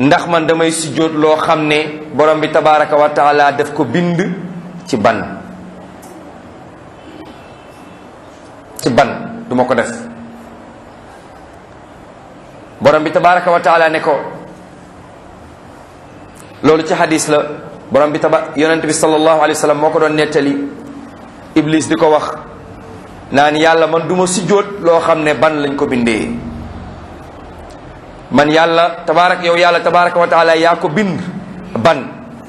ndax man damay sujjoot loo xam ne borom bi tabaraka wa def ko bind ci ban ci ban duma ko def borom bi tabaraka wa taala ne ko loolu ci hadis borom bi taba yonent bi sallallahu alayhi wa moo ko doon nettali iblis di ko wax naan yàlla man duma sujjóot loo xam ne ban lañ ko bindee man yàlla tabaarak yow yàlla tabaraka wa yaa ko bind ban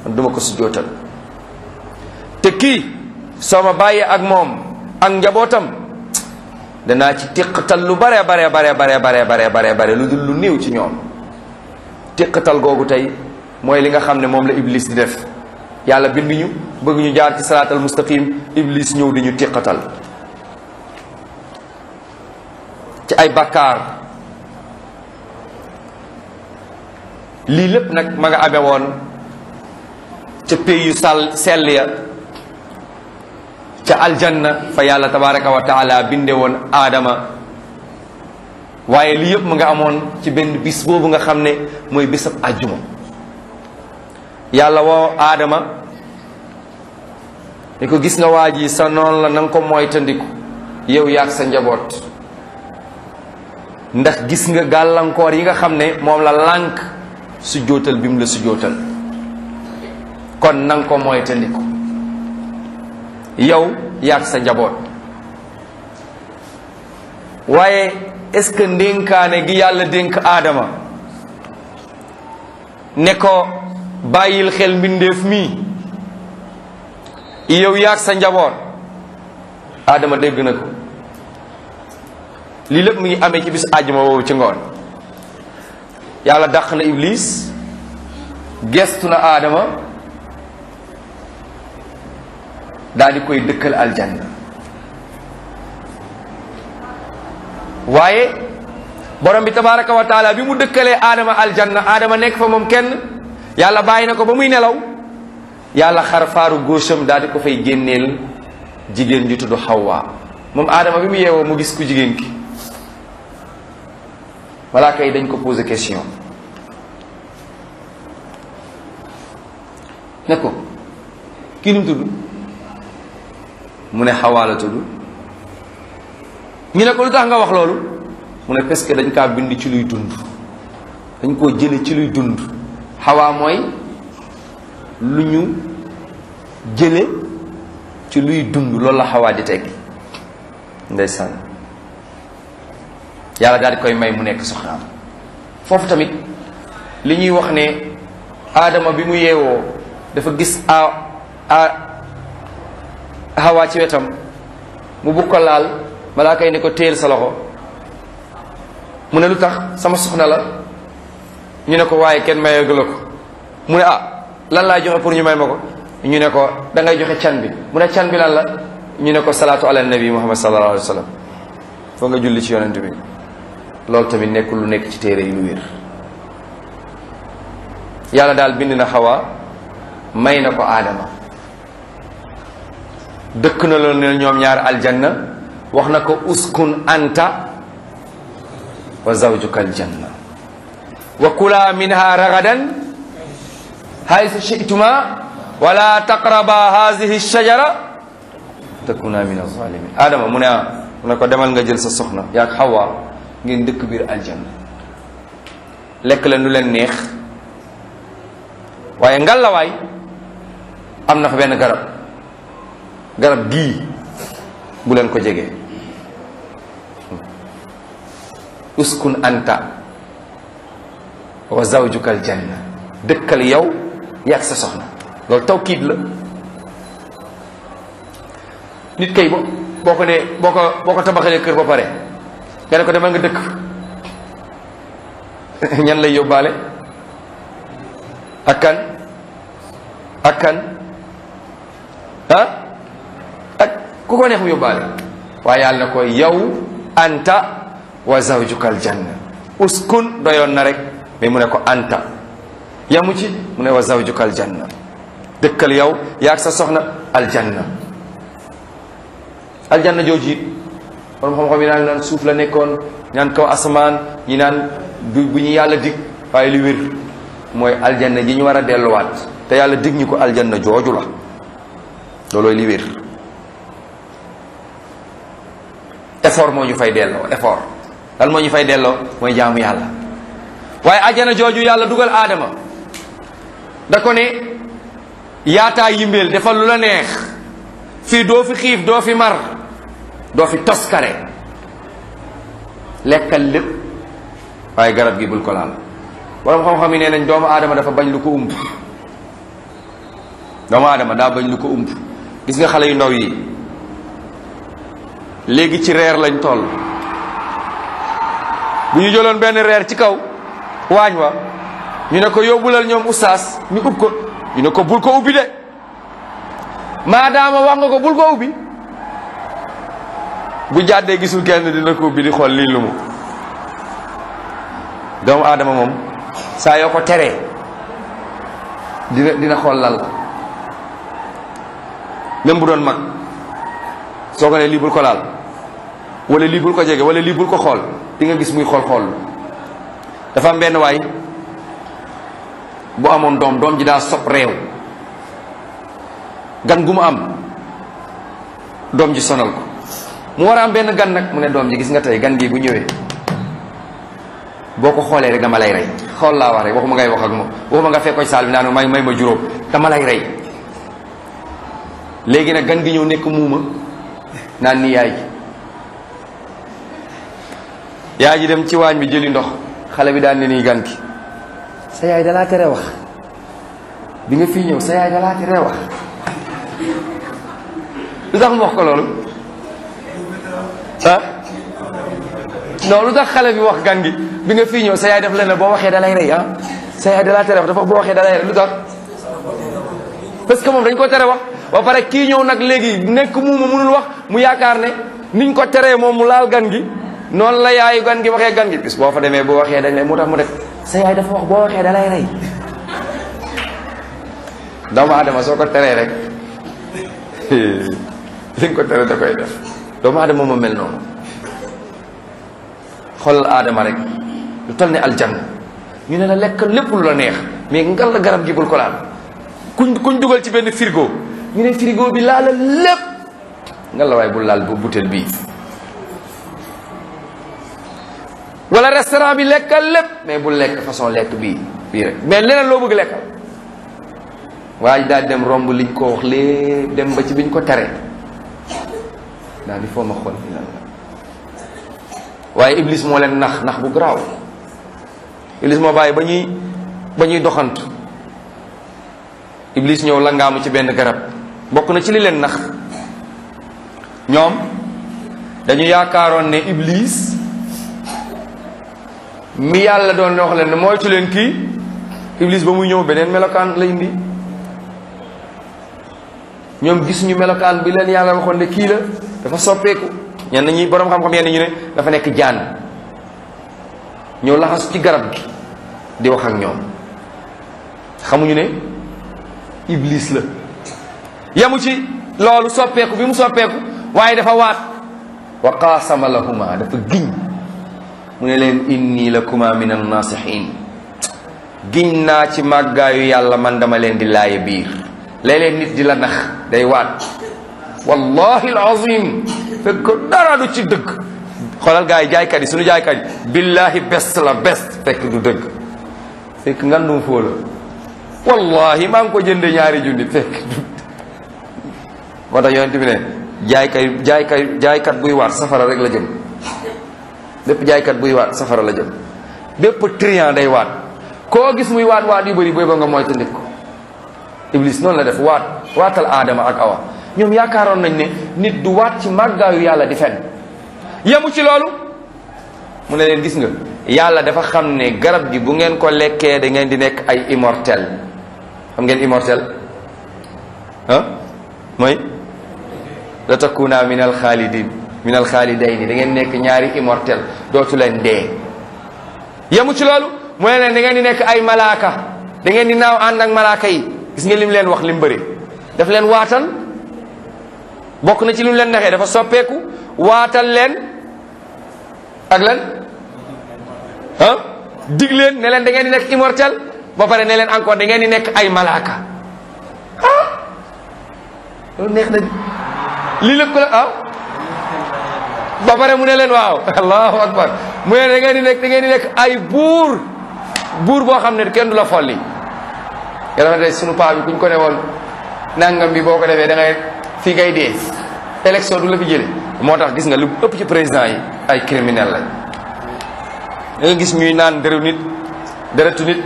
man duma ko sujjóotal te kii soo ma bàyyi ak moom ak njabootam danaa ci tiqtal lu bare bare bare bare bare bare bare bare lu dul lu néew ci ñoom tiqtal googu tey mooy li nga xam ne moom la iblis di def yàlla bind ñu bëgg ñu jaar ci salaatal mustaqim iblis ñëw di ñu tiqatal ci ay bakkaar lii lépp nag ma nga amee woon ca pays sal sell ya ca aljanna fa yàlla tabaraka wa taala binde woon aadama waaye li yëpp mu nga amoon ci benn bis boobu nga xam ne mooy bisab àjjuma yàlla woo aadama ni ko gis nga waa yi sa noon la na nga ko moytandiku yow yaag sa njaboot ndax gis nga gàllankoor yi nga xam ne moom la lànk su jootal bi mu la su jootal kon na nga ko moytandiku yow yaag sa njaboot waaye est-ce ndénkaane gi yàlla dénk aadama ne ko bàyyil xel mbindeef mii yow yaat sa njaboot aadama dégg na ko lii lépp mu ngi amee ci bis àjjuma boobu ci ngoon yàlla dàq na iblis gestu na aadama daal di koy dëkkal aljanna waaye borom bi tabaraka wa bi mu dëkkalee aadama aljanna aadama nekk fa moom kenn yàlla bàyyi na ko ba muy nelaw yàlla xarfaaru góosam daal di ko fay génneel jigéen ju tudd xawwa moom aadama bi mu yeewoo mu gis ku jigéen ki malaaka yi dañ ko posé question ne ko kii nu tudd mu ne xawaa la tudd ñu ne ko lu tax nga wax loolu mu ne parce que dañ kaa bind ci luy dund dañ koo jële ci luy dund xawaa mooy lu ñu jële ci luy dund loolu la xawaa di tekki ndeysaan yàlla daal di koy may mu nekk soxnaam foofu tamit li ñuy wax ne aadama bi mu yeewoo dafa gis a xawaa ci wetam mu bugg ko laal malaaka yi ne ko téel sa loxo mu ne lu tax sama soxna la ñu ne ko waaye kenn mayeegu la ko mu ne ah lan laay joxe pour ñu may ma ko ñu ne ko dangay joxe can bi mu ne can bi lan la ñu ne ko salaatu ala nabi muhammad sallallahu alayhi wa sallam foo nga julli ci yonent bi loolu tamit nekkul lu nekk ci téere yi lu wér yàlla daal bind na xawaa may na ko aadama dëkk na loolu ne ñoom ñaar aljanna wax na ko uskun anta wa zawjuka aljanna wa kula minha ragadan haysu chituma wala taqraba hadihi shajara takuna min azalimin adama mu ne ah, mu ko demal nga jël sa soxna yaag xawa ngeen dëkk biir aljanna lekk la nu leen neex waaye ngalawaay am na fa benn garab garab gii bu leen ko jege uskun anta wa zawjukal janna dëkkal yow yàgg sa soxna loolu tawkiid la nit kay bo boo ko ne boo ko boo ko tabaxalee kër ba pare nga ne ko demal nga dëkk ñan lay yóbbaale ak kan ku ko neex mu waa waaye yàlla na ko yow anta wa zawjukal janna uskun doyoon na rek mais mu ne ko anta yamu ci mu ne wa zawjukal janna dëkkal yow yaag sa soxna aljanna aljanna jooji it borom xam-xam yi naan suuf la nekkoon ñaan kaw asamaan ñi naan bu bu ñu yàlla dig waaye lu wér mooy aljanna ji ñu war a delluwaat te yàlla dig ñu ko aljanna jooju la loolooy li wér effort moo ñu fay delloo effort lan moo ñu fay delloo mooy jaamu yàlla waaye ajana jooju yàlla dugal aadama da ko ne yaataa yimbeel defal lu la neex fii doo fi xiif doo fi mar doo fi toskare lekkal lépp waaye garab gi bul ko laal borom xam-xam yi nee nañ doomu aadama dafa bañ lu ko umb doomu aadama daa bañ lu ko umb gis nga xale yu ndaw yi léegi ci reer lañ toll bu ñu joloon benn reer ci kaw waañ wa ñu ne ko yóbbulal ñoom ustaas ñu ub ko ñu ne ko bul ko ubbi de maadaama wax nga ko bul ko ubbi bu jàddee gisul kenn dina ko ubbi di xool lii lu mu doomu aadama moom saa yoo ko teree dina dina lal même bu doon mag soo ko ne liibul ko laal wala lii bul ko jege wala lii bul ko xool di nga gis muy xool xool dafa am benn waay bu amoon doom doom ji daa sob réew gan gu mu am doom ji sonal ko mu war a am benn gan nag mu ne doom ji gis nga tey gan gi bu ñëwee boo ko xoolee rek dama lay rey xool laa wax rek waxuma ngay wax ak moom waxuma nga fekkoy saal bi naan may may ma juróom dama lay rey léegi nag gan gi ñëw nekk muuma naan ni yaay yaay ji dem ci waañ bi jëli ndox xale bi daan ne nii gan gi sa yaay dalaa tere wax bi nga fi ñëw sa yaay dalaa tere wax loolu ah non lu wax gan gi bi nga fii ñëw sa yaay def leen boo waxee dalay rey ah sa yaay dalaa tere wax dafa boo waxee dalay rey lu tax parce que moom dañ ko tere wax ba pare kii ñëw nag léegi nekk muuma mënul wax mu yaakaar ne niñ ko teree moom mu laal gan gi noonu la yaayu gan gi waxee gan gi bis boo fa demee bu waxee dañ lay moo tax mu def sa yaay dafa wax boo waxee da rey doomu aadama soo ko teree rek li nga ko tere da koy def doomu aadama moo mel noonu xoolal aadama rek lu tal ne aljanna ñu ne la lekk lépp lu la neex mais ngal garab gi bul ko laal kuñ kuñ dugal ci benn frigo ñu ne frigo bi laala lépp ngal bul laal bu butéel bii wala restaurant bi lekkal lépp mais bu lekk façon lekk bii bii rek mais leneen loo bëgg lekkal waa daal dem romb liñ ko wax lépp dem ba ci biñ ko tere daal di foo ma xool Iblis moo leen nax nax bu garaaw Iblis moo bàyyi ba ñuy ba ñuy doxantu Iblis ñëw la ngaamu ci benn garab bokk na ci li leen nax ñoom dañu yaakaaroon ne Iblis. mi yàlla doon wax leen ne moytu leen kii iblis ba muy ñëw beneen melokaan lañu indi ñoom gis ñu melokaan bi leen yàlla waxoon ne kii la dafa soppeeku ñenn ñi boroom xam-xam yenn ñu ne dafa nekk jànn ñëw laxasu ci garab gi di wax ak ñoom xamuñu ne iblis la yamu ci loolu soppeeku bi mu soppeeku waaye dafa waat wa qaasama lahuma dafa giñ mu ne leen inni lakuma min annasihin giñ naa ci màggaayu yàlla man dama leen di laaya biir léeg-léeg nit di la nax day waat wallahi alazim fekk ko dara du ci dëgg xoolal gars yi jaaykat yi suñu jaaykat yi billahi best la best fekk du dëgg fekk ngandum foo la wallahi maa ngi ko jënde ñaari junni fekk du moo tax yonent bi ne jaaykat jaaykat jaaykat buy waat safara rek la jëm bépp jaaykat buy waat safara la jëm bépp trian day waat koo gis muy waat waat yu bëri booy ba nga mooy tëndit ko iblis noonu la def waat waatal aadama ak awa ñoom yaakaaroon nañ ne nit du waat ci màggaayu yàlla di fenn yemu ci loolu mu ne leen gis nga yàlla dafa xam ne garab gi bu ngeen ko lekkee da ngeen di nekk ay immortel xam ngeen immortel ah mooy la takuna min alxaalidin minal xaalidayni da ngeen nekk ñaari immortel dootu leen dee yamu ci loolu mu leen da ngeen di nekk ay malaaka da ngeen di naaw ànd ak malaaka yi gis nga lim leen wax lim bëri daf leen waatan bokk na ci lim leen naxee dafa soppeeku waatal leen ak lan ah dig leen ne leen da ngeen di nekk immortel ba pare ne leen encore da ngeen di nekk ay malaaka lii lépp ko la ah ba pare mu ne leen waaw allahu akbar mu ne da ngeen di nekk da ngeen di nekk ay buur buur boo xam ne kenn du la fol yàlla na sunu bi kuñ ko ne woon nangam bi boo ko defee da fii ngay dee élection du la fi jële moo tax gis nga lu ëpp ci président yi ay criminel la da gis ñuy naan dëru nit deretu nit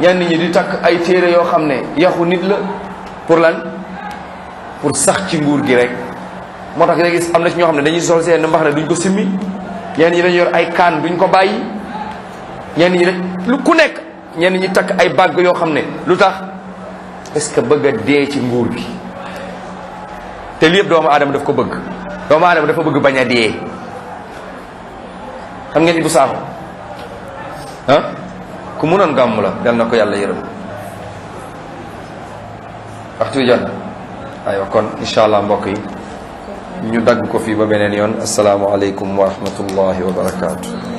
ñenn ñi di takk ay téere yoo xam ne yaxu nit la pour lan pour sax ci nguur gi rek moo tax nga gis am na ci ñoo xam ne dañuy sol seen mbax ne duñ ko simmi ñenn ñi dañu yor ay kaan duñ ko bàyyi ñenn ñi rek lu ku nekk ñenn ñi takk ay bàgg yoo xam ne lu tax est-ce que bëgg a dee ci nguur bi te lépp doomu aadama daf ko bëgg doomu aadama dafa bëgg bañ a dee xam ngeen Ibou Sakho ah ku mënoon gàmm la dal na ko yàlla yërëm waxtu wi waaye aywa kon incha allah mbokk yi ñu dagg ko fii ba beneen yoon asalaamualeykum wa rahmatullahi wa barakaatu.